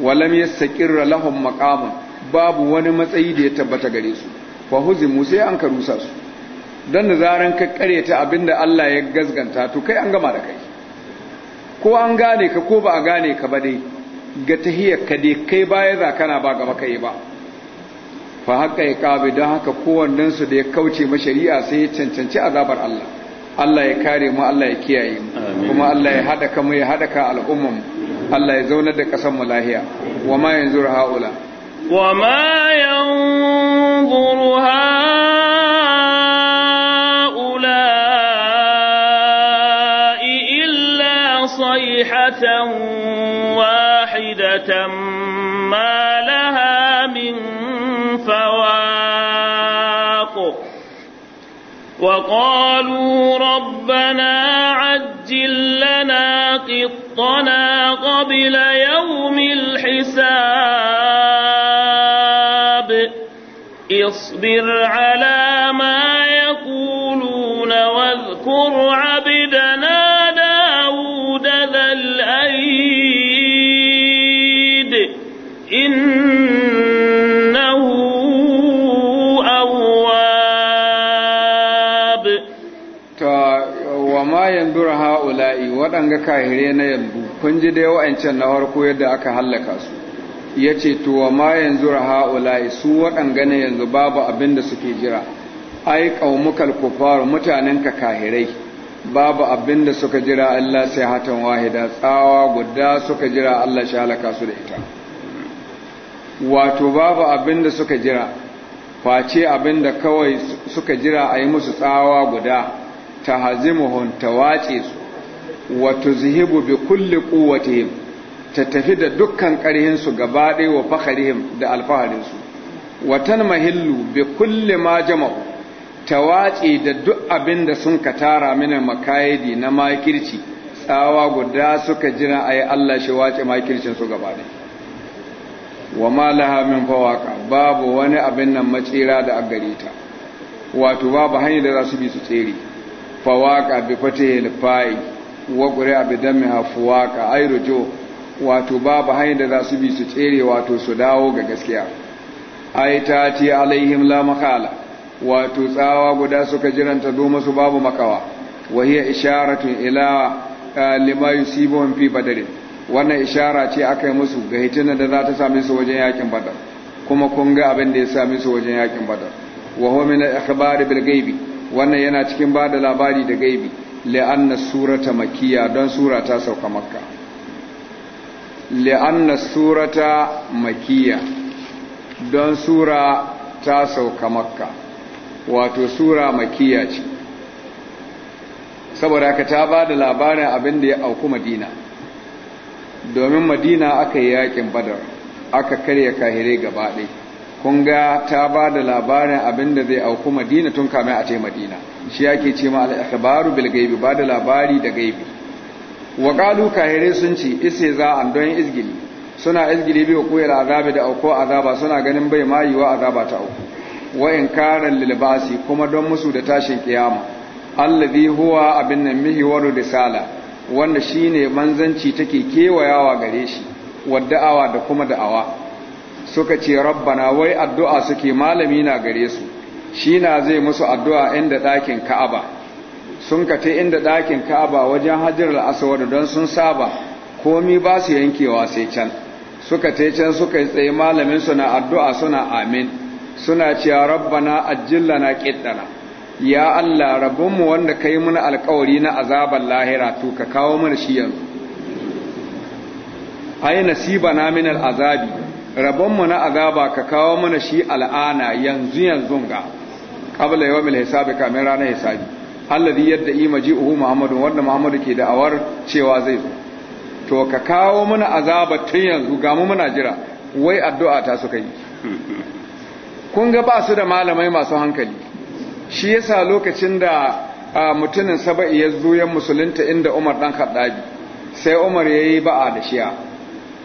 walam yastaqirra lahum maqamun babu wani matsayi da ya tabbata gare su fa huzimu sai an karusa su dan da zaran ka kareta abinda Allah ya gazganta to kai an gama da kai ko an gane ka ko ba a gane ka ba dai ga tahiyar ka dai kai baya za kana ba gaba yi ba fa haka ya kabe don haka kowannen su da ya kauce ma shari'a sai ya cancanci azabar Allah Allah ya kare mu Allah ya kiyaye mu kuma Allah ya hada ka mu ya hada ka al'ummar Allah ya zaunar da kasar mu lahiya wa ma yanzu haula wa ma ha'ula قالوا ربنا عجل لنا قطنا قبل يوم الحساب اصبر على ما يقولون واذكر عبدنا kafirai na yanzu kun ji da wa'ancan na farko yadda aka hallaka su ya ce wa ma yanzu raha'ula'i su waɗanga gane yanzu babu abin da suke jira ai ƙaumukal kufaru mutanen ka kahirai babu abin da suka jira Allah sai hatan wahida tsawa guda suka jira Allah shi halaka su da ita wato babu abin da suka jira face abin da kawai suka jira a yi musu tsawa guda ta hazimuhun ta wace su wa tuzhibu bi kulli quwwatihim ta tafi da dukkan ƙarhin su gaba wa fakharihim da alfaharin su wa tanmahillu bi kulli ma jama'u tawace da duk abin da sun ka tara mini makayidi na makirci tsawa guda suka jira ayi Allah shi wace makircin su gaba wa ma laha min fawaka babu wani abin nan matsira da agarita wato babu hanyar da za su bi su tsere fawaka bi fatihil fa'i wa ƙuri'a bidan mai hafuwa ka jo. wato babu hanyar da za su bi su tsere wato su dawo ga gaskiya ai ta ce alaihim la makala wato tsawa guda suka jiranta domin su babu makawa wa hiya isharatun ila eh, lima yusibuhum fi badr wannan ishara ce aka yi musu ga hitinan da za ta same su wajen yakin badar kuma kun ga abin da ya same su wajen yakin badar wa huwa min al-ikhbar bil ghaibi wannan yana cikin ba da labari da gaibi li'anna surata makiya don sura ta sauka makka li'anna surata don sura ta sauka makka wato sura makiya ce saboda haka ta ba da labarin abin da ya auku madina domin madina aka yi yakin badar aka karya kahire gaba ɗaya kun ga ta ba da labarin abin da zai auku madina tun kame a ce madina shi yake ce ma al'akabaru bil gaibi ba da labari da gaibi wa ƙalu kahire sun ce ise za a don izgili suna izgili biyu koyar azabi da auku azaba suna ganin bai ma yiwa azaba ta auku wa in karan lilbasi kuma don musu da tashin kiyama allazi huwa abin nan mihiwaru Sala wanda shine manzanci take kewayawa gare shi wadda'awa da kuma da'awa suka ce rabbana wai addu'a suke malami na gare su shi na zai musu addu'a inda ɗakin ka'aba sun ka te inda ɗakin ka'aba wajen hajjar al'asawar don sun saba komi ba su yankewa sai can suka te can suka yi tsaye malamin suna addu'a suna amin suna ce rabbana na ƙiddana ya Allah rabinmu wanda ka yi muna alkawari na azaban lahira to ka kawo mana shi yanzu ai nasiba na min azabi rabonmu na azaba ka kawo mana shi al'ana yanzu yanzu ga qabla yawmil hisabi kamin ranar hisabi alladhi yadda uhu Muhammadu, wanda muhammadu ke da'awar cewa zai zo to ka kawo mana azaba tun yanzu ga mu muna jira wai addu'a ta suka yi kun ga ba su da malamai masu hankali shi yasa lokacin da mutumin saba'i ya zo musulunta inda Umar dan Khattabi sai Umar yayi ba'a da shiya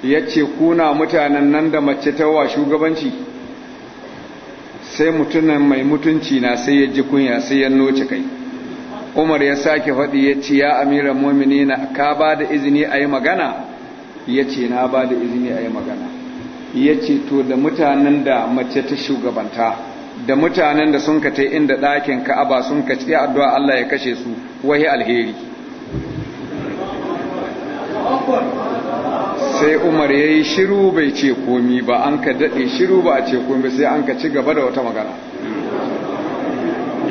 ya ce kuna mutanen nan da mace ta wa shugabanci sai mutunan mai mutunci na sai ya ji kunya sai ya noce kai umar ya sake faɗi ya ce ya amiran momini na ka ba da izini a yi magana ya ce na ba da izini a yi magana ya ce to da mutanen da mace ta shugabanta da mutanen da sun ka ta inda ɗakin ka'aba sun ka ce addu'a Allah ya kashe su wahi alheri sai umar ya yi shiru bai ce komi ba an ka daɗe shiru ba a ce komi sai an ka ci gaba da wata magana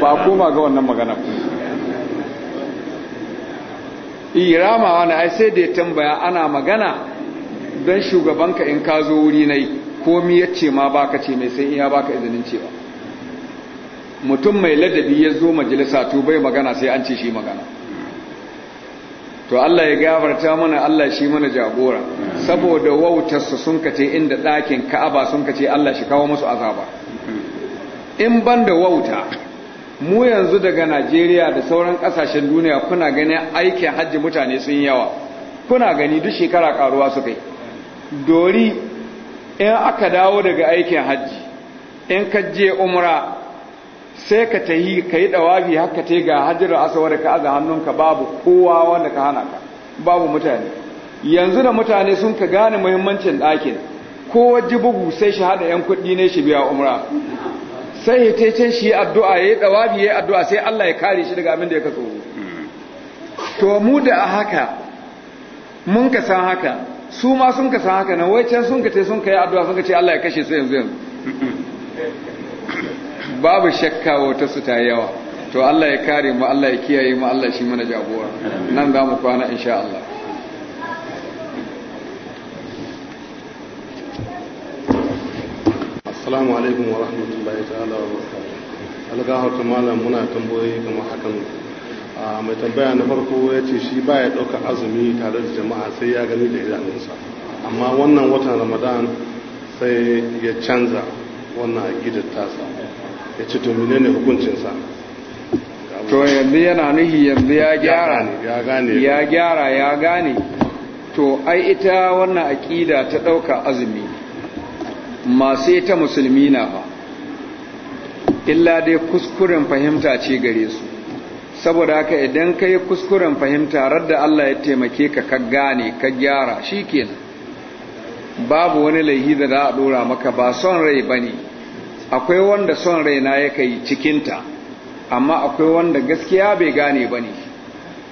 ba koma ga wannan magana irama wani ai sai da ya tambaya ana magana don shugabanka in ka zo wuri nai komi ya ce ma baka ce mai sai iya baka izinin cewa mutum mai ladabi ya zo majalisa to bai magana sai an ce shi magana to Allah ya gafarta mana Allah shi mana jagora saboda wautarsa sun kace inda ɗakin ka'aba sun kace Allah shi kawo musu azaba in ban da wauta mu yanzu daga Najeriya da sauran ƙasashen duniya kuna ganin aikin hajji mutane sun yawa kuna gani duk shekara karuwa su kai dori in aka dawo daga aikin hajji in ka je umra sai ka ta yi ka yi ɗawafi haka ta ga hajjar asawar ka aza hannunka babu kowa wanda ka hana ka babu mutane yanzu da mutane sun ka gane muhimmancin ɗakin ko waje bugu sai shi haɗa ‘yan kuɗi ne shi biya umra sai ya taicen shi addu'a ya yi ɗawafi ya yi addu'a sai Allah ya kare shi daga abin da ya ka tsoro to mu da haka mun ka san haka su ma sun ka san haka na wai can sun ka ce sun ka yi addu'a sun ka ce Allah ya kashe su yanzu yanzu babu shakka wata su ta yawa to Allah ya kare mu Allah ya kiyaye mu Allah shi mana jagora nan za mu kwana insha Allah assalamu alaikum wa rahmatullahi ta'ala wa barakatuh ta malam muna tambayoyi kamar hakan mai tambaya na farko ya ce shi ba ya ɗaukar azumi tare da jama'a sai ya gani da idanunsa amma wannan watan ramadan sai ya canza wannan gidan tasa ya ce to hukuncinsa to yanzu yana nuhi yanzu ya gyara ya gyara ya gane to ai ita wannan aƙida ta ɗauka azumi masu ita musulmi na ba illa dai kuskuren fahimta ce gare su saboda haka idan ka yi kuskuren fahimta radda Allah ya taimake ka ka gane ka gyara shi babu wani laihi da za a ɗora maka ba son rai ba ne akwai wanda son raina ya kai cikinta amma akwai wanda gaskiya bai gane ba ne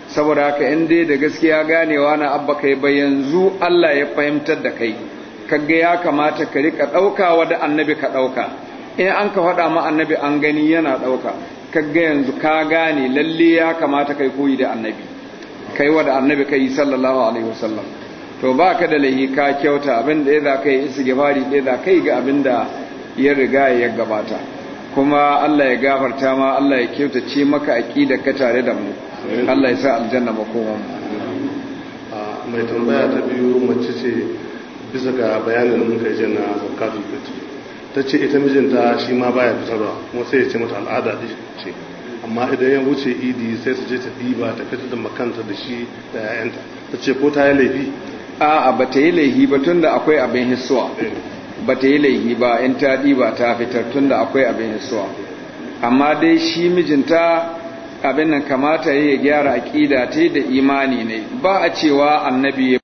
saboda haka in dai da gaskiya ganewa na abba kai ba yanzu Allah ya fahimtar da kai kaga ya kamata ka rika ɗauka wadda annabi ka ɗauka in an ka faɗa ma annabi an gani yana ɗauka kaga yanzu ka gane lalle ya kamata kai koyi da annabi kai wadda annabi ka sallallahu alaihi wasallam to baka da lahi ka kyauta abin da ya za kai yi gifari ɗaya za kai ga abin da ya riga ya gabata kuma Allah ya gafarta ma Allah ya kyautace maka aqida ka tare da mu Allah ya sa aljanna makoman mai tambaya ta biyu mace ce bisa ga bayanin da muka yi na zakatul fitr ta ce ita mijinta shi ma baya fitarwa kuma sai ya ce mata al'ada ce amma idan ya wuce idi sai su je ta diba ta fitar da makanta da shi da 'ya'yanta ta ce ko ta yi laifi a'a ba ta yi laifi ba tun da akwai abin hissuwa eh. ba ta yi laihi ba in ta ba ta fitar tun da akwai abin yasuwa amma dai shi mijinta abin nan kamata ya gyara aƙida ta da imani ne ba a cewa annabi